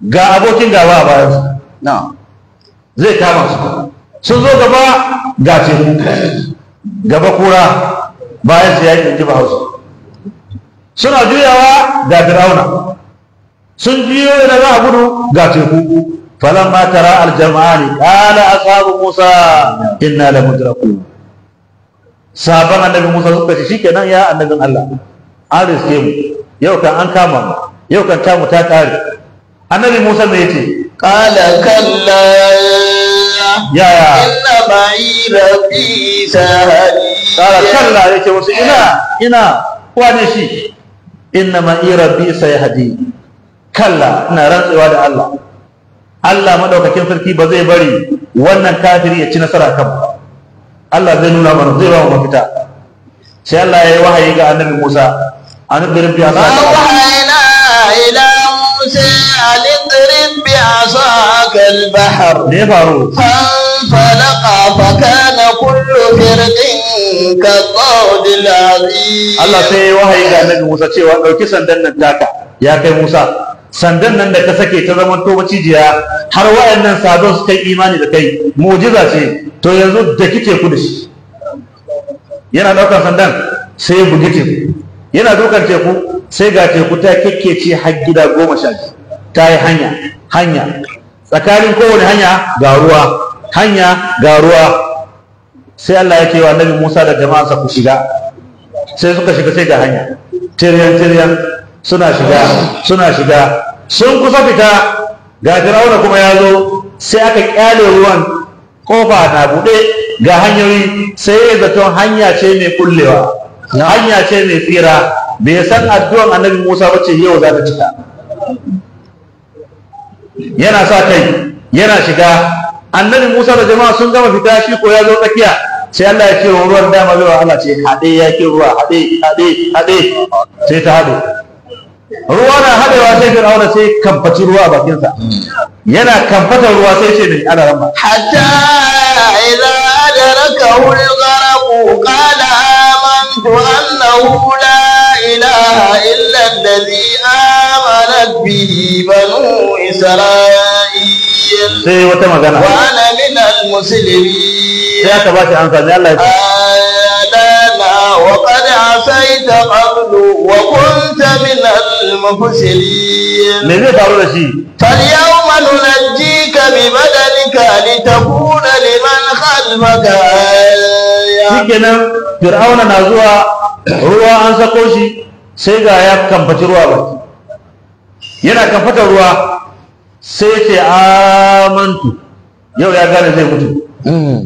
ga abokin gaba a bayansu zai kama su sun zo gaba ga teku gaba kura bayan su yaƙi yi ba hausa suna juyawa ga firauna sun biyo da za a gudu ga teku ma tara aljama'ani qala asabu musa inna la mudraku Saban annabi musa suka shi kenan ya annabin Allah an riske mu yau kan an kama mu yau kan tamu ta kare annabi musa me yace qala kalla ya ya inna ma'i rabbi sahani qala kalla yace wasu ina ina wane shi inna ma'i rabbi sayahdi kalla ina rantsewa da Allah Allah madaukakin sarki ba zai bari wannan kafiri ya ci nasara kan ba Allah zai nuna mana zai ba mu mafita sai Allah ya yi wahayi ga annabi Musa annabi bin ya sa wahayna ila Musa alidrin bi asaka al-bahr ne faru فانفلق فكان كل فرق كالطود العظيم الله سي وهي ga annabi Musa cewa dauki sandan nan taka ya kai Musa sandan nan da ka sake ta zama to macijiya har wayannan sabon su kai imani da kai mu'jiza ce to yanzu da kike ku da shi yana daukar sandan sai ya bugi teku yana daukar teku sai ga teku ta kekkece har gida goma sha ta yi hanya hanya tsakanin kowane hanya ga ruwa hanya ga ruwa sai Allah ya ce wa Annabi Musa da jama'arsa ku shiga sai suka shiga sai ga hanya tiryan tiryan suna shiga suna shiga sun kusa fita ga fir'auna kuma ya zo sai aka kyale ruwan kofa na buɗe ga hanyoyi sai ya zaton hanya ce mai kullewa hanya ce mai tsira bai san addu'an annabi musa ba ce yau za ta cika yana sa kai yana shiga annabi musa da jama'a sun gama fita shi ko ya zo tsakiya sai Allah ya ce ruwan dama bai wa Allah ce haɗe ya ke ruwa haɗe haɗe haɗe sai ta haɗe ruwa na haɗewa sai fir'auna sai kamfaci ruwa a bakinsa yana kamfatar ruwa sai ce mai ana ramba hatta idza adraka al-gharq qala amantu annahu la ilaha illa alladhi amanat bihi banu isra'il sai wata magana wa ana min musulmi? sai aka ba shi amsa ne Allah ya ce wa qad asayta qablu wa kunta min المفسدين من فاليوم ننجيك ببدنك لتكون لمن خلفك آية fir'auna فرعون نازوا ruwa an sako shi sai ga ya kamfaci ruwa ba yana kamfata ruwa sai ce amantu yau ya gane zai mutu hmm.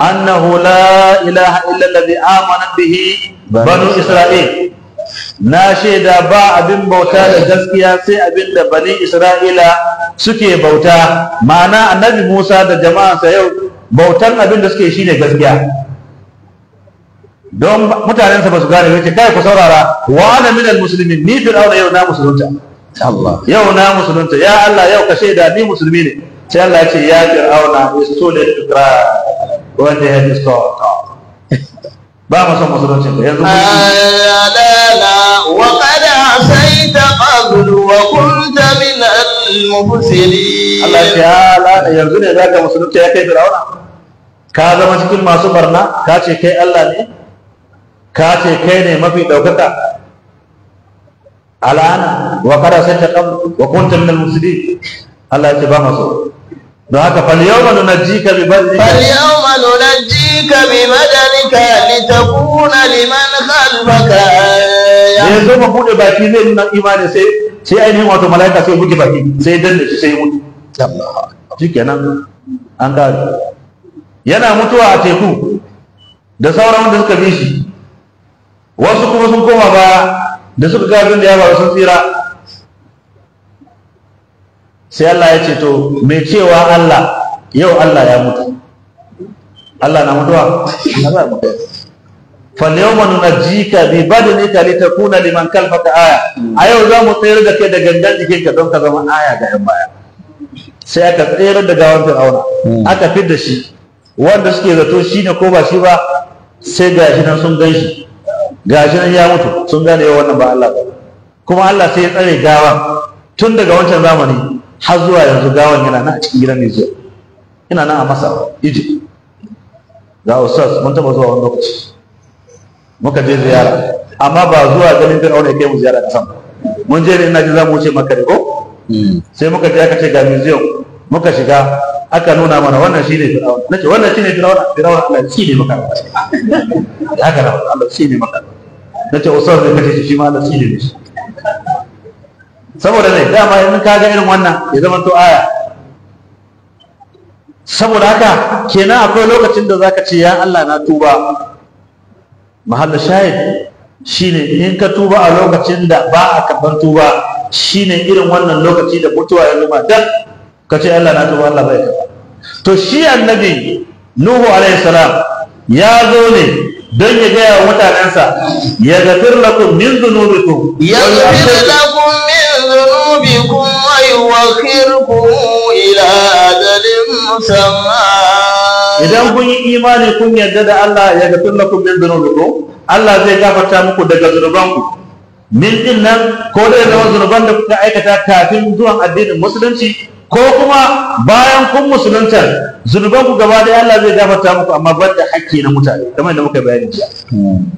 annahu la ilaha illa allazi amana bihi banu isra'il na shaida ba abin bauta da gaskiya sai abin da bani isra'ila suke bauta ma'ana annabi musa da jama'ansa yau bautan abin da suke shi ne gaskiya don mutanensa ba su gane wace kai ku saurara wa ana minal muslimin ni fir'auna yau na musulunta Allah yau na musulunta ya Allah yau ka shaida ni musulmi ne sai Allah ya ce ya fir'auna istole tukra da ya fi ba mu son musuluncin ka yanzu yanzu ne zaka musulunci ya kai fir'auna ka zama cikin masu barna ka ce kai Allah ne ka ce kai ne mafi daukaka al'ana wa qad asaita qablu wa kunta min al-mufsidin Allah ya ce ba mu son don haka fal yawma nunajjika bi fal yawma nunajji yuhyika bibadalika litakuna liman khalfaka ya zo mu bude baki zai na imani sai sai ainihin wato malaika sai buge baki sai danne shi sai mutu shikenan an ga yana mutuwa a teku da sauran wanda suka bi shi wasu kuma sun koma ba da suka ga abin da ya faru sun tsira sai Allah ya ce to me cewa Allah yau Allah ya mutu Allah na mutuwa Allah mutuwa falyawma nunajjika bi ta litakuna liman kalfaka aya a yau za mu tsayar da kai da gangan jikinka don ka zama aya ga yan baya sai aka tsayar da gawan aura hmm. aka fidda shi wanda suke zato shi ne ko ba shi ba sai shi nan sun gan shi shi nan ya mutu sun gane yau wannan ba Allah ba kuma Allah sai ya tsare gawan tun daga wancan zamani har zuwa yanzu gawan yana nan a cikin gidan Nijar ina nan a Masar Egypt ga ustaz mun taba zuwa wani lokaci muka je ziyara amma ba zuwa ganin ganin wani ke mu ziyara kasan mun je ne ina ji za mu wuce makare ko hmm. sai muka je aka ce ga museum muka shiga aka nuna mana wannan shine fir'auna nace wannan shine fir'auna fir'auna Allah shi ne maka haka na Allah shi ne maka nace ustaz ne kace shi ma Allah shi ne saboda ne dama in ka ga irin wannan ya zama to aya saboda haka kenan akwai lokacin da zaka ce ya Allah na tuba mahalla shahid shine in ka tuba a lokacin da ba a karban tuba shine irin wannan lokaci da mutuwa ya zama dan ka ce Allah na tuba Allah bai to shi annabi Nuhu alaihi salam ya zo ne don ya gaya wa mutanensa ya gafir lakum min dhunubikum ya gafir idan kun yi imani kun yarda da Allah ya gafir lakum min dhunubikum Allah zai gafarta muku daga zunubanku min din nan ko dai zama zunuban da kuka aikata kafin zuwan addinin musulunci ko kuma bayan kun musulunta zunuban gaba da Allah zai gafarta muku amma ban da hakki na mutane kamar da muka bayani jiya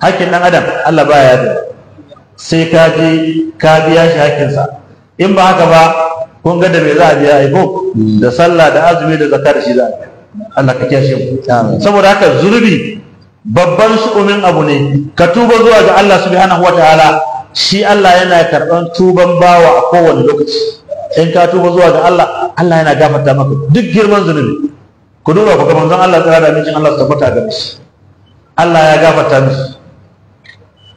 hakkin dan adam Allah baya ya sai ka je ka biya shi hakkinsa in ba haka ba kun ga da me za a biya aiko hmm. da sallah da azumi da zakar da shi za a Allah ka kiyashe mu saboda haka zurbi babban su'umin abu ne ka tuba zuwa ga Allah subhanahu wataala shi Allah yana karɓan tuban bawa a kowane lokaci in ka tuba zuwa ga Allah Allah yana gafarta maka duk girman zunubi ku duba ku ga manzon Allah tsara da mijin Allah tabbata ga shi Allah ya gafarta mishi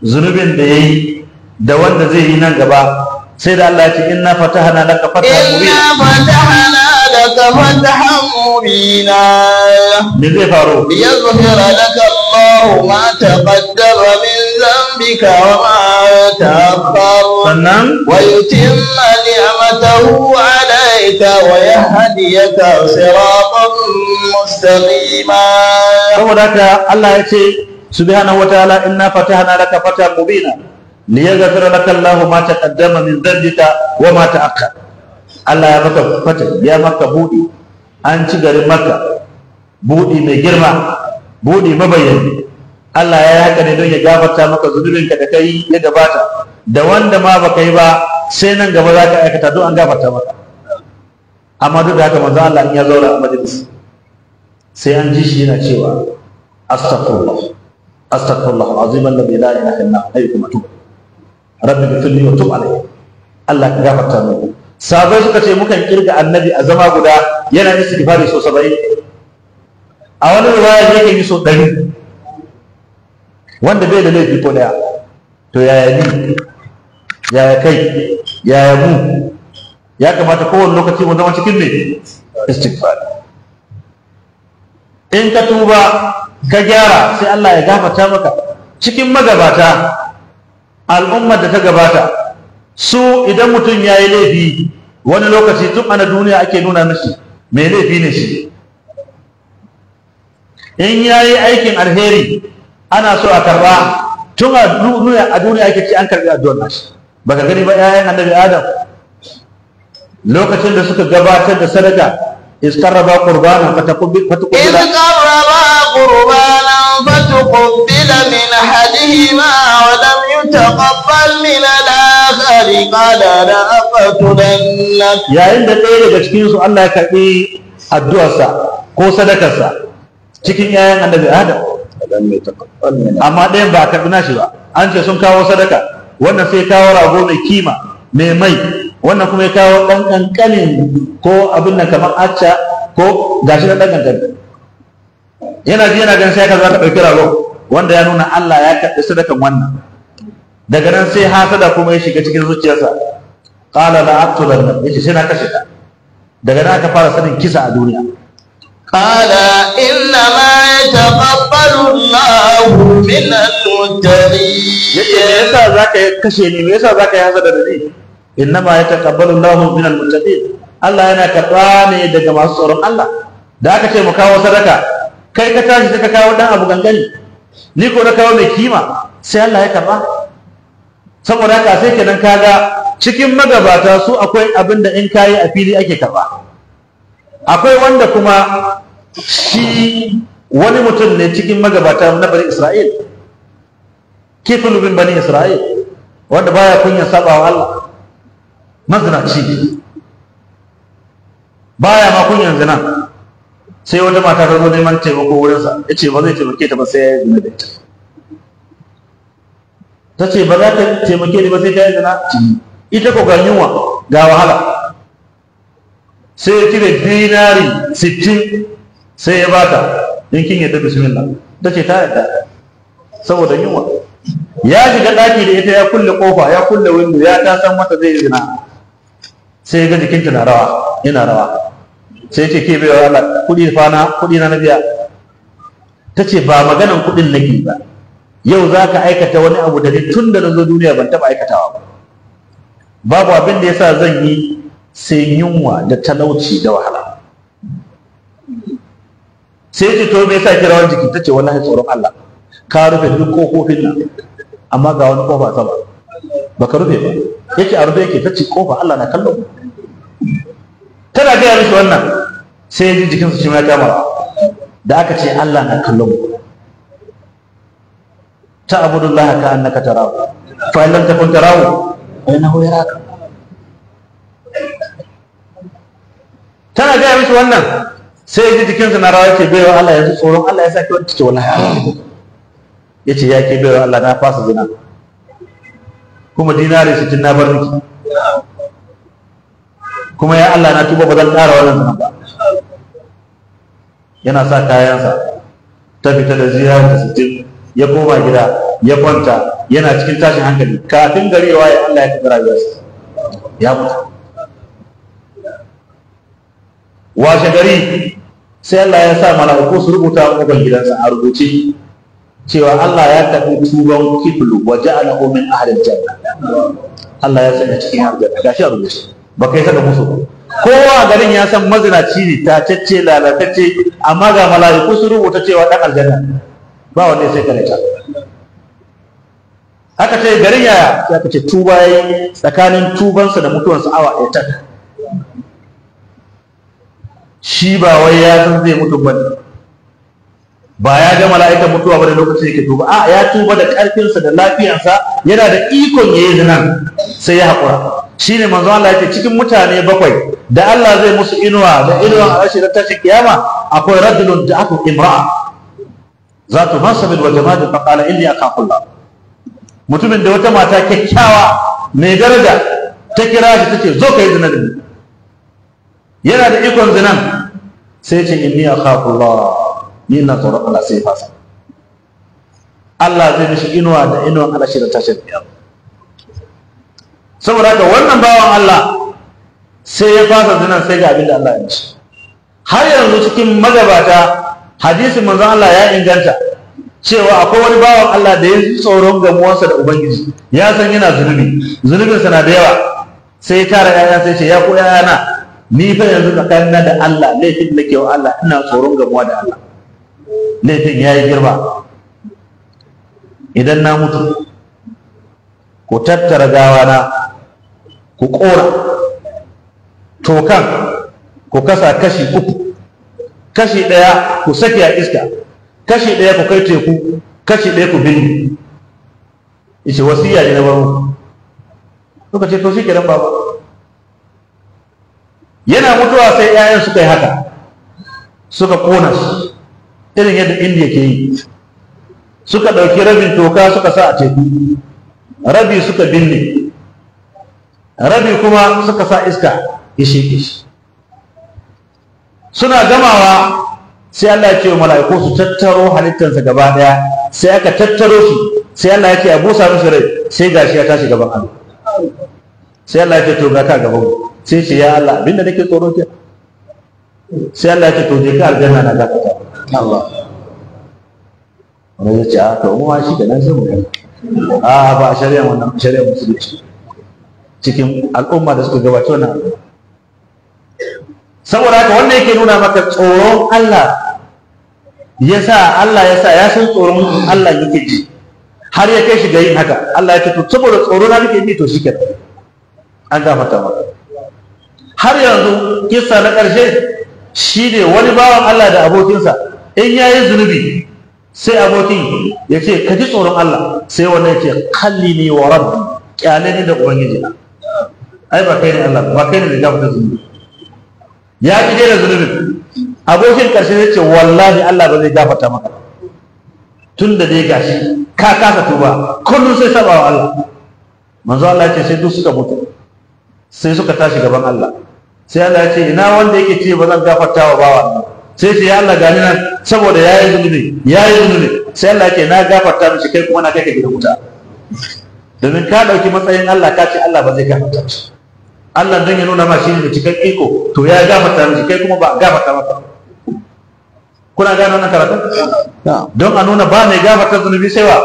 zunubin da yayi da wanda zai yi nan gaba سيد الله إنا فتحنا لك فتحا مبينا إنا فتحنا لك فتحا مبينا نزيف أروف ليظهر لك الله ما تقدر من ذنبك وما تأخر سنم ويتم نعمته عليك ويهديك صراطا مستقيما فمدك الله يتي سبحانه وتعالى إنا فتحنا لك فتحا مبينا liyaghfira laka Allahu ma taqaddama min dhanbika wa ma ta'akhkhar Allah ya maka fata ya maka budi an ci garin maka budi mai girma budi mabayyani Allah ya haka ne don ya gafarta maka zunubinka da kai ya gabata da wanda ma baka yi ba sai nan gaba za ka aikata don an gafarta maka amma duk da haka manzo Allah in ya zauna a majalis sai an ji shi yana cewa astaghfirullah astaghfirullah azim alladhi la ilaha illa huwa ayyukum atubu rabbi gafirli wa tub alayya Allah ka gafarta mu sabai suka ce mukan kirga annabi a zama guda yana istighfari so 70 a wani ruwaya yake yi so 100 wanda bai da laifi ko daya to yaya ni yaya kai yaya mu ya kamata kowane lokaci mu zama cikin ne istighfar in ka tuba ka gyara sai Allah ya gafarta maka cikin magabata al'ummar da ta gabata su idan mutum ya yi laifi wani lokaci tun ana duniya ake nuna mashi mai laifi ne shi in ya yi aikin alheri ana so a karba tun a duniya a ake ci an karbi addu'ar nashi ba ka gani ba ƴaƴan annabi adam lokacin da suka gabatar da sadaka استربا قربانا فتقبل فتقبل إذ عليهما ولم يتقبل من الآخر قال لأقتلنك يا إن دقيقة تشكين سؤال الله كأي الدعاء ko sadakarsa cikin 'ya'yan annabi adam amma ɗayan ba a karɓi nashi ba an ce sun kawo sadaka wannan sai kawo rago mai kima mai mai wannan kuma ya kawo ɗan ƙanƙanin ko abin nan kamar acca ko gashi na ɗan ƙanƙani yana ji yana ganin sai ka za ka ɗauki rago wanda ya nuna Allah ya karɓi sadakan wannan daga nan sai da kuma ya shiga cikin zuciyarsa qala la aqtulanna yace sai na kashe ta. daga nan aka fara sanin kisa a duniya qala inna ma yataqabbalu Allahu min al-muttaqin yace me yasa zaka kashe ni me yasa zaka yi hasada da ni inna ma yataqabbalu Allahu min al-muttaqin Allah yana karɓa ne daga masu tsoron Allah da aka ce mu kawo sadaka kai ka tashi ka kawo ɗan abu gangani ni ko na kawo mai kima sai Allah ya karba saboda haka sai kenan kaga cikin magabata su akwai abin da in kayi a fili ake karba akwai wanda kuma shi wani mutum ne cikin magabata na bani Isra'il kifin bin bani Isra'il wanda baya kunyan wa Allah mazinaci baya ma kunyan zina sai wata mata ta zo neman taimako wurinsa ya ce ba zai taimake ta ba sai ya yi zina da ita ta ce ba za ta taimake ni ba sai ta yi zina ita ko ga yunwa ga wahala sai ya cire dinari sittin sai ya bata in kin yadda bismillah ta ce ta yadda saboda yunwa ya shiga ɗaki da ita ya kulle kofa ya kulle windo ya ta san mata zai yi zina sai ya ga jikinta na rawa yana rawa sai ce ke bai wa Allah kuɗi fana kuɗi na biya ta ce ba maganan kuɗin nake ba yau za ka aikata wani abu da ni tun da na zo duniya ban taɓa aikatawa ba babu abin da yasa zan yi sai yunwa da talauci da wahala sai ce to me yasa kirawar jiki tace wallahi tsoron Allah ka rufe duk kofofin nan amma ga wani kofa sama baka rufe ba yake a rufe yake tace kofa Allah na kallon tana ga mishi wannan sai ji jikinsa shi ma ya kama da aka ce Allah na kallon ta ta abudullahi ka annaka tarahu fa illam takun na fa innahu yaraka tana gaya musu wannan sai ya ji jikinsa na rawa ce wa Allah yanzu tsoron Allah ya sa ki wata wani wallahi ya ce ya ke wa Allah na fasa zina kuma dinari sittin na bar kuma ya Allah na tuba ba zan ƙara wannan zina ba yana sa kayansa ta fita da ziyarar da sittin ya koma gida ya kwanta yana cikin tashin hankali kafin garewa ya Allah ya tafi rayuwarsa ya mutu washe gari sai Allah ya sa mala'iku su rubuta mugan gidansa a rubuce cewa Allah ya tafi tuban kiflu wa a min ahli janna Allah ya sanya cikin aljanna gashi a rubuce ba kai saka musu kowa garin ya san mazinaci ne cacce lalatacce amma ga mala'iku su rubuta cewa ɗan aljanna ba wanda sai kare ta aka ce garin yaya ya kace tuba yayi tsakanin tubansa da mutuwansa awa ɗaya tak shi ba wai ya san zai mutu ba ba ya ga mala'ika mutuwa ba da lokacin yake tuba a ya tuba da ƙarfinsa da lafiyarsa yana da ikon yayi zinan sai ya haƙura ne manzo Allah ce cikin mutane bakwai da Allah zai musu inuwa da inuwa a rashin tashin kiyama akwai radulun da aka imra'a zatu masabin bil jamadin fa qala inni akhafullah mutumin da wata mata kyakkyawa mai daraja ta kira shi tace zo kai zina da ni yana da ikon zinan sai ce inni akhafullah ni na tsoron Allah sai fasa Allah zai mishi inuwa da inuwa a shi da tashin kiyama saboda haka wannan bawan Allah sai ya fasa zinan sai ga abin da Allah ya ce. har yanzu cikin magabata hadisin manzon Allah ya inganta cewa akwai wani bawan Allah da ya ji tsoron gamuwarsa da ubangiji ya san yana zunubi zunubinsa na da yawa sai ya tara 'ya'ya sai ce ya ko ƴaƴana. ni fa yanzu ka kanna da Allah laifin nake wa Allah ina tsoron gamuwa da Allah laifin ya yi girma idan na mutu ku tattara gawa na. ku ƙora tokan ku kasa kashi uku kashi ɗaya ku sake a iska kashi ɗaya ku kai teku kashi ɗaya ku binne ishe wasiya ne na baro suka ce to shi kenan baba yana mutuwa sai 'ya'yan suka yi haka suka ƙona shi irin yadda indiya ke yi suka ɗauki rabin toka suka sa a teku rabi suka binne rabi kuma suka sa iska ya sheke shi suna gamawa sai Allah ya ce wa mala'iku su tattaro halittarsa gaba daya sai aka tattaro shi sai Allah ya ce a busa musu rai sai gashi ya tashi gaban Allah sai Allah ya ce to ga ka gaban mu sai ce ya Allah abinda nake tsoro ke sai Allah ya ce to je ka aljanna na ga ka Allah wani ya ce a to mu ma shi da nan sai mu a ba a shari'a wannan shari'a musulunci cikin al'umma da suka gabaci wannan al'umma saboda haka wannan yake nuna maka tsoron Allah ya sa Allah ya sa ya san tsoron Allah yake ji har ya kai shi ga yin haka Allah ya ce to saboda tsoron na nake bi to shi kenan an gafarta maka har yanzu kissa na ƙarshe shine wani bawan Allah da abokinsa in ya yi zunubi sai abokin ya ce ka ji tsoron Allah sai wannan ya ce kalli ni wa rabbi kyale ni da ubangiji na ai ba kai ne Allah ba kai ne da gafarta zunubi ya ki da zunubin abokin karshe zai ce wallahi Allah ba zai gafarta maka tun da dai gashi ka kasa tuba kullum sai saba wa Allah manzo Allah ce sai duk suka mutu sai suka tashi gaban Allah sai Allah ya ce ina wanda yake ce ba zan gafarta wa bawa sai ce ya Allah gani nan saboda ya yi zunubi ya yi zunubi sai Allah ke na gafarta mishi kai kuma na kai ka gidan wuta domin ka ɗauki matsayin Allah ka ce Allah ba zai gafarta mishi Allah dan ya nuna ma shi ne cikin iko to ya gafarta miki kai kuma ba gafarta maka kuna gane wannan karatu don a nuna ba mai gafarta zunubi sai wa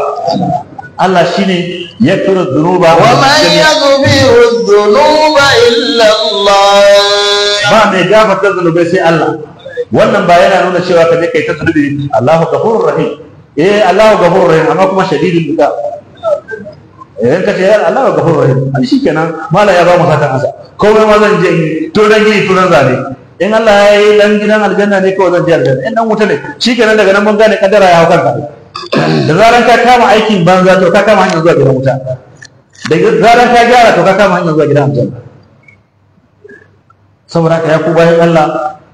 Allah shine ya kira zunuba wa man yaghfiru dhunuba illa Allah ba mai gafarta zunubi sai Allah wannan ba yana nuna cewa ka je kai ta zunubi Allahu ghafurur rahim eh Allahu ghafurur rahim amma kuma shadidul iqab idan ka ce ya Allah ga gafar rahim an shi kenan mala ya ba mu satan asa komai ma zan je to dan gini to dan zane in Allah ya yi dan gidan aljanna ne kawai zan je aljanna in dan wuta ne shi kenan daga nan mun gane kadara ya hau kanka da zaran ka kama aikin banza to ka kama hanyar zuwa gidan wuta da zaran ka gyara to ka kama hanyar zuwa gidan aljanna saboda ka ya ku bayan Allah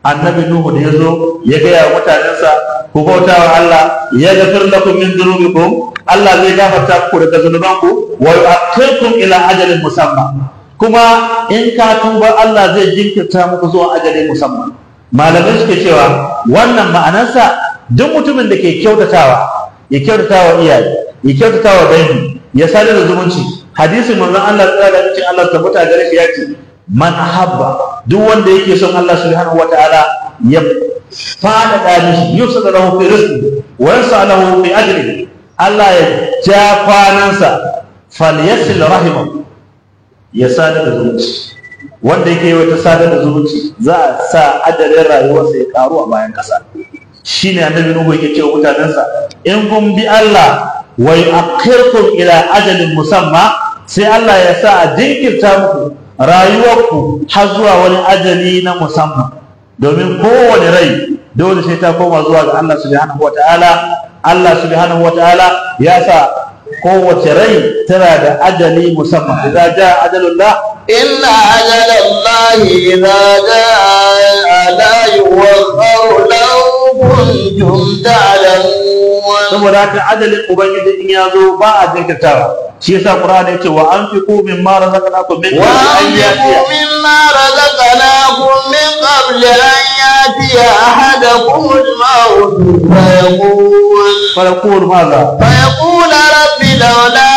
annabi Nuhu da ya zo ya gaya wa mutanensa ku bauta wa Allah ya gafir lakum min dhunubikum Allah zai gafarta ku daga zunubanku wa yu'akhirkum ila ajalin musamma kuma in ka tuba Allah zai jinkirta muku zuwa ajalin musamma malamai suke cewa wannan ma'anarsa duk mutumin da ke kyautatawa ya kyautatawa iyaye ya kyautatawa dangi ya sadar da zumunci hadisin manzon Allah tsara da cikin Allah tabbata gare shi ya ce man ahabba duk wanda yake son Allah subhanahu wataala ya faɗaɗa mishi yusa da lahu fi wa yansa lahu fi ajri Allah ya ja kwanansa falyasil rahimu ya sada da zumunci wanda yake wata ta da zumunci za a sa adadin rayuwarsa ya karu a bayan ƙasa shi ne annabi nuhu yake cewa mutanensa in kun bi Allah wa yu'akhirkum ila ajalin musamma sai Allah ya sa a jinkirta muku rayuwarku har zuwa wani ajali na musamman domin kowane rai dole sai ta koma zuwa ga Allah subhanahu wataala Allah subhanahu ya sa kowace rai tana da ajali musamman idza jaa ajalullah inna ajalallahi idza jaa la yuwaffa law kuntum ta'lamun saboda haka adalin ubangiji in ya zo ba a jinkirtawa shi yasa qur'ani yace wa anfiqu mimma razaqnakum min qabli an yatiya mimma razaqnakum min qabli an yatiya ahadakum al-maut fayaqul fayaqul madha fayaqul rabbi lawla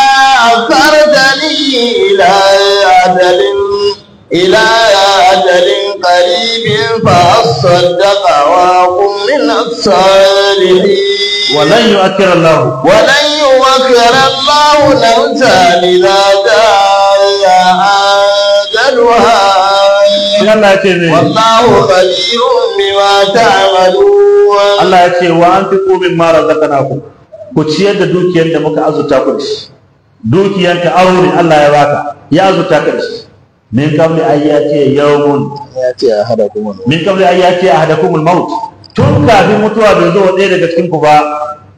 akhartani ila adalin ila طيب فأصدق وأكن Allah ya ce ne wallahu Allah ya ce wa anfiqu mimma razaqnakum ku ciyar da dukiyar da muka azuta ku da shi dukiyar ka aure Allah ya baka ya azuta ka da min kabli ayyati yawmun yati ahadakum min kabli ayyati ahadakum al-maut tun kafin mutuwa bai zo ɗaya daga cikin ku ba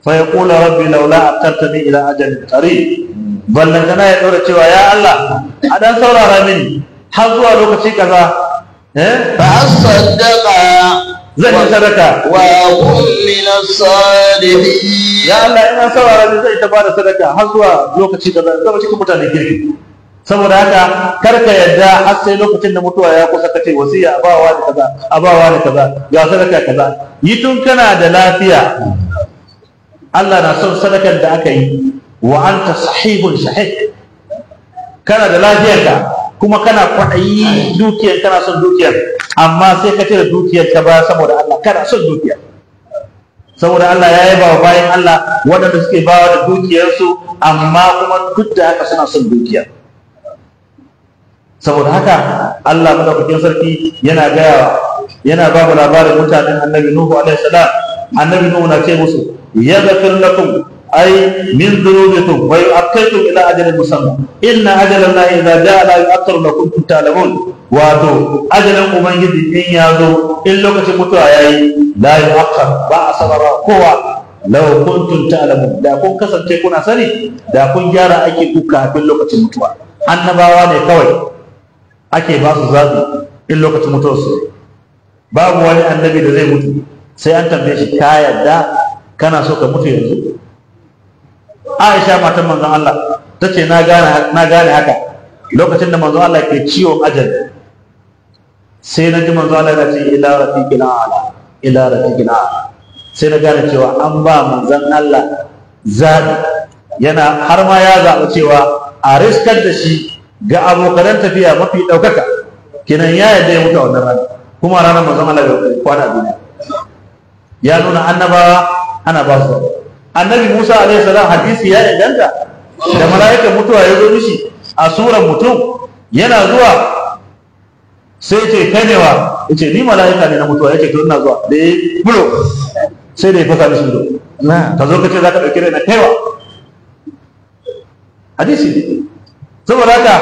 fa yaqulu rabbi laula aqartani ila ajalin qarib ballan kana ya daura cewa ya Allah a saurara mini har zuwa lokaci kaza eh fa asaddaqa wa kun min as ya Allah ina saurara mini zai ta bada sadaka har zuwa lokaci kaza zama cikin mutane girki. saboda haka kar ka yadda har sai lokacin da mutuwa ya kusa ka ce wasiya abawa da kaza abawa da kaza ga sadaka kaza yi tun kana da lafiya Allah na son sadakar da aka yi wa anta sahihun sahih kana da lafiyarka kuma kana kwaɗayi dukiyar kana son dukiyar amma sai ka cire dukiyar ka ba saboda Allah kana son dukiyar saboda Allah ya yi wa bayan Allah waɗanda suke bawa da dukiyarsu amma kuma duk da haka suna son dukiyar saboda haka Allah madaukakin sarki yana gaya yana ba mu labarin mutanen annabi nuhu alaihi salam annabi nuhu na ce musu ya yaghfir lakum ay min dhunubikum wa yu'akkirukum ila ajalin musamma inna ajalan la idza jaa la yu'akkiru lakum ta'lamun wato ajalin ubangiji in ya zo in lokacin mutuwa yayi la yu'akkar ba a sabara kowa law kuntum ta'lamun da kun kasance kuna sani da kun gyara aiki ku kafin lokacin mutuwa annabawa ne kawai ake ba su zaɓi in lokacin mutuwarsu babu wani annabi da zai mutu sai an tambaye shi ka yadda kana so ka mutu yanzu Aisha matan manzon Allah ta ce na gane haka lokacin da manzon Allah ke ciwon ajal sai na ji manzon Allah ya ce ila rafiqil ala ila rafiqil sai na gane cewa an ba manzon Allah zabi yana har ma ya zaɓi cewa a riskar da shi ga abokan tafiya mafi ɗaukaka kenan ya yadda ya mutu a wannan rana kuma ranar mazan Allah bai kwana duniya ya nuna annabawa ana ba su annabi Musa alayhi salam hadisi ya danta da mala'ikan mutuwa ya zo mishi a suran mutum yana zuwa sai ce kai yace ni mala'ika ne na mutuwa ya to ina zuwa da ya bulo sai da ya fasa mishi na ka zo ka ce za ka ɗauki rai na kaiwa hadisi ne saboda haka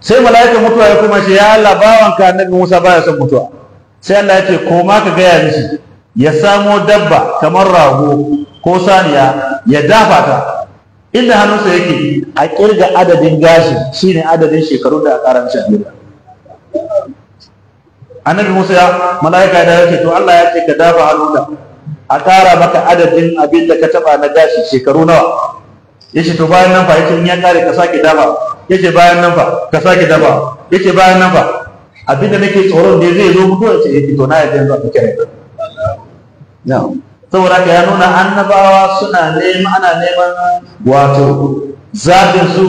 sai mala'ikan mutuwa ya kuma ce ya Allah bawanka annabi Musa baya son mutuwa sai Allah ya ce koma ka gaya mishi ya samo dabba kamar rago ko saniya ya dafa ta inda hannunsa yake a kirga adadin gashi, shine adadin shekaru da a karanci a annabi Musa mala'ika da yake to Allah ya ce ka dafa hannunka a kara maka adadin abin da ka taba na gashi shekaru nawa yace to bayan nan fa yace in ya kare ka sake dafa yace bayan nan fa ka sake dafa yace bayan nan fa abin da nake tsoron ne zai zo mutuwa ce yace eh, to na yadda zan a kare ka na'am saboda ka ya nuna annabawa suna neman ana neman wato zabin su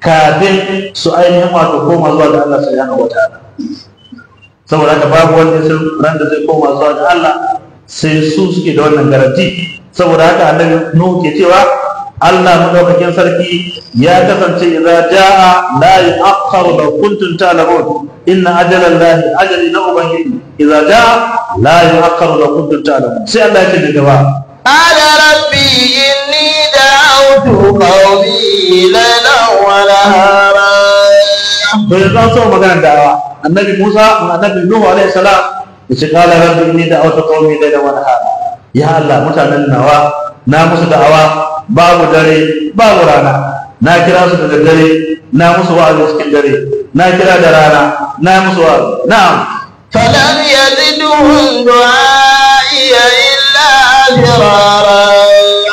kafin su ainihin wato koma zuwa ga Allah subhanahu wataala saboda haka babu wanda sun ran da zai koma zuwa ga Allah sai su suke da wannan garanti saboda haka annabi Nuhu ke cewa Allah madaukakin sarki ya kasance idza jaa la yu'akhkharu law kuntum ta'lamun inna ajala Allah ajali na ubangiji idza jaa la yu'akhkharu law kuntum ta'lamun sai Allah ya ce gaba ala rabbi inni da'utu qawmi lana wa lahara to yanzu so magana da'awa annabi Musa annabi Nuhu alaihi salam yace qala rabbi inni da'utu qawmi lana wa lahara ya Allah mutanen nawa na musu da'awa babu dare babu rana na kira su da dare na musu wa'azi cikin dare na kira da rana na musu wa'azi na'am falam yaziduhum du'a'iya illa firara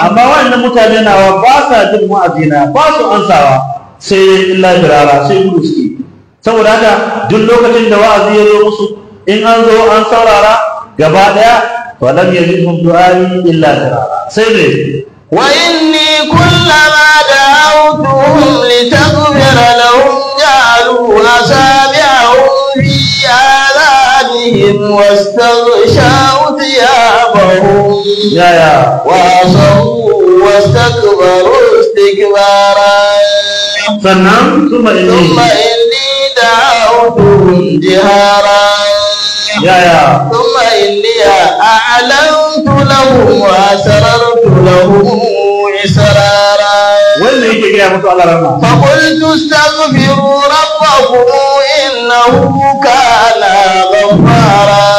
amma wannan mutane nawa ba sa jin wa'azi na ba su ansawa sai illa firara sai gudu suke saboda haka duk lokacin da wa'azi ya zo musu in an zo an saurara gaba daya falam yaziduhum du'a'i illa firara sai ne وإني كلما دعوتهم لتغفر لهم جعلوا أسابعهم في آذانهم واستغشوا ثيابهم وأصروا واستكبروا استكبارا ثم إني دعوتهم جهارا ثم إني أعلنت لهم وأسررت لهم إسرارا فقلت استغفروا ربكم إنه كان غفارا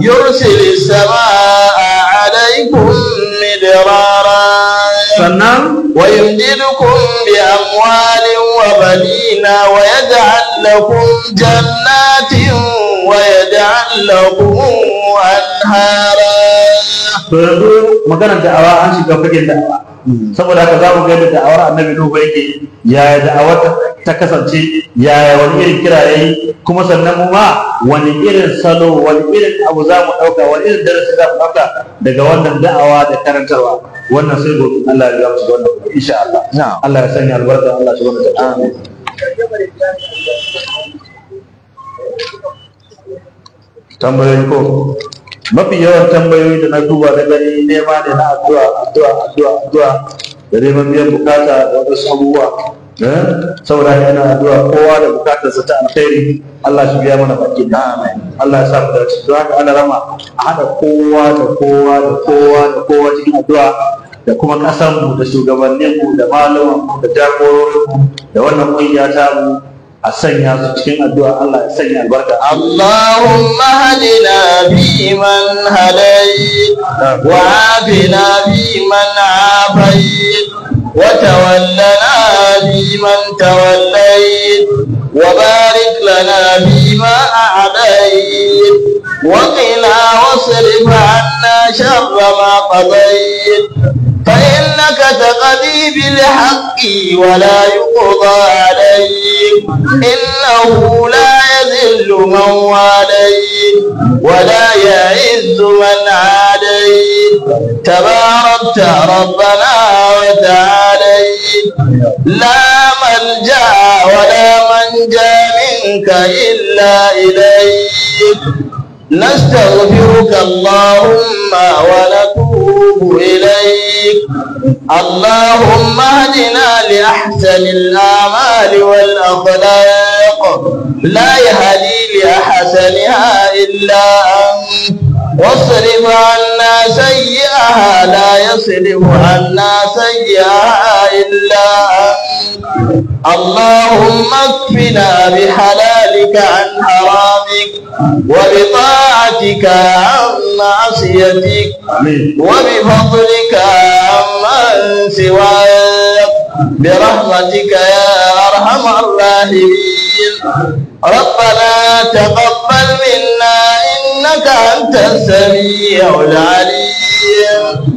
يرسل السماء عليكم مدرارا ويمددكم بأموال الأولين ويجعل لكم جنات ويجعل لكم أنهارا to yanzu maganar da'awa an shiga fagen da'awa saboda haka za mu ga yadda da'awar annabi nuhu yake yaya da'awar ta kasance yaya wani irin kiraye kuma sannan mu ma wani irin salo wani irin abu za mu ɗauka wani irin darasi za mu ɗauka daga wannan da'awa da karantarwa wannan sai gobe Allah ya gamsu wannan insha Allah Allah ya sanya albarka Allah ya subhanahu amin tambayoyi ko mafi yawan tambayoyi da na duba da gani nema ne na addu'a addu'a addu'a addu'a da neman biyan bukata da wasu abubuwa eh? saboda yana addu'a kowa da sa ta alkhairi Allah shi biya mana baki na amin Allah ya sa mu dace don haka ana rama a hada kowa da kowa da kowa da kowa cikin addu'a da kuma ƙasarmu da shugabanninmu da malamanmu da jagororinmu da wannan kungiya ta mu أسنى سكين أسنى اللهم هدنا بمن هديت وعافنا بمن عافيت وتولنا بمن توليت وبارك لنا فيما أعطيت وقنا واصرف عنا شر ما قضيت فإنك تقضي بالحق ولا يقضى عليك إنه لا يذل من عليك ولا يعز من عليك تباركت ربنا وتعاليك لا ملجأ ولا جاء منك إلا إليك نستغفرك اللهم ونتوب إليك اللهم اهدنا لأحسن الأعمال والأخلاق لا يهدي لأحسنها إلا أنت واصرف عنا سيئها لا يصرف عنا سيئها إلا أنت اللهم اكفنا بحلالك عن حرامك وبطاعتك عن معصيتك وبفضلك عمن سواك برحمتك يا أرحم الراحمين ربنا تقبل منا إنك أنت السميع العليم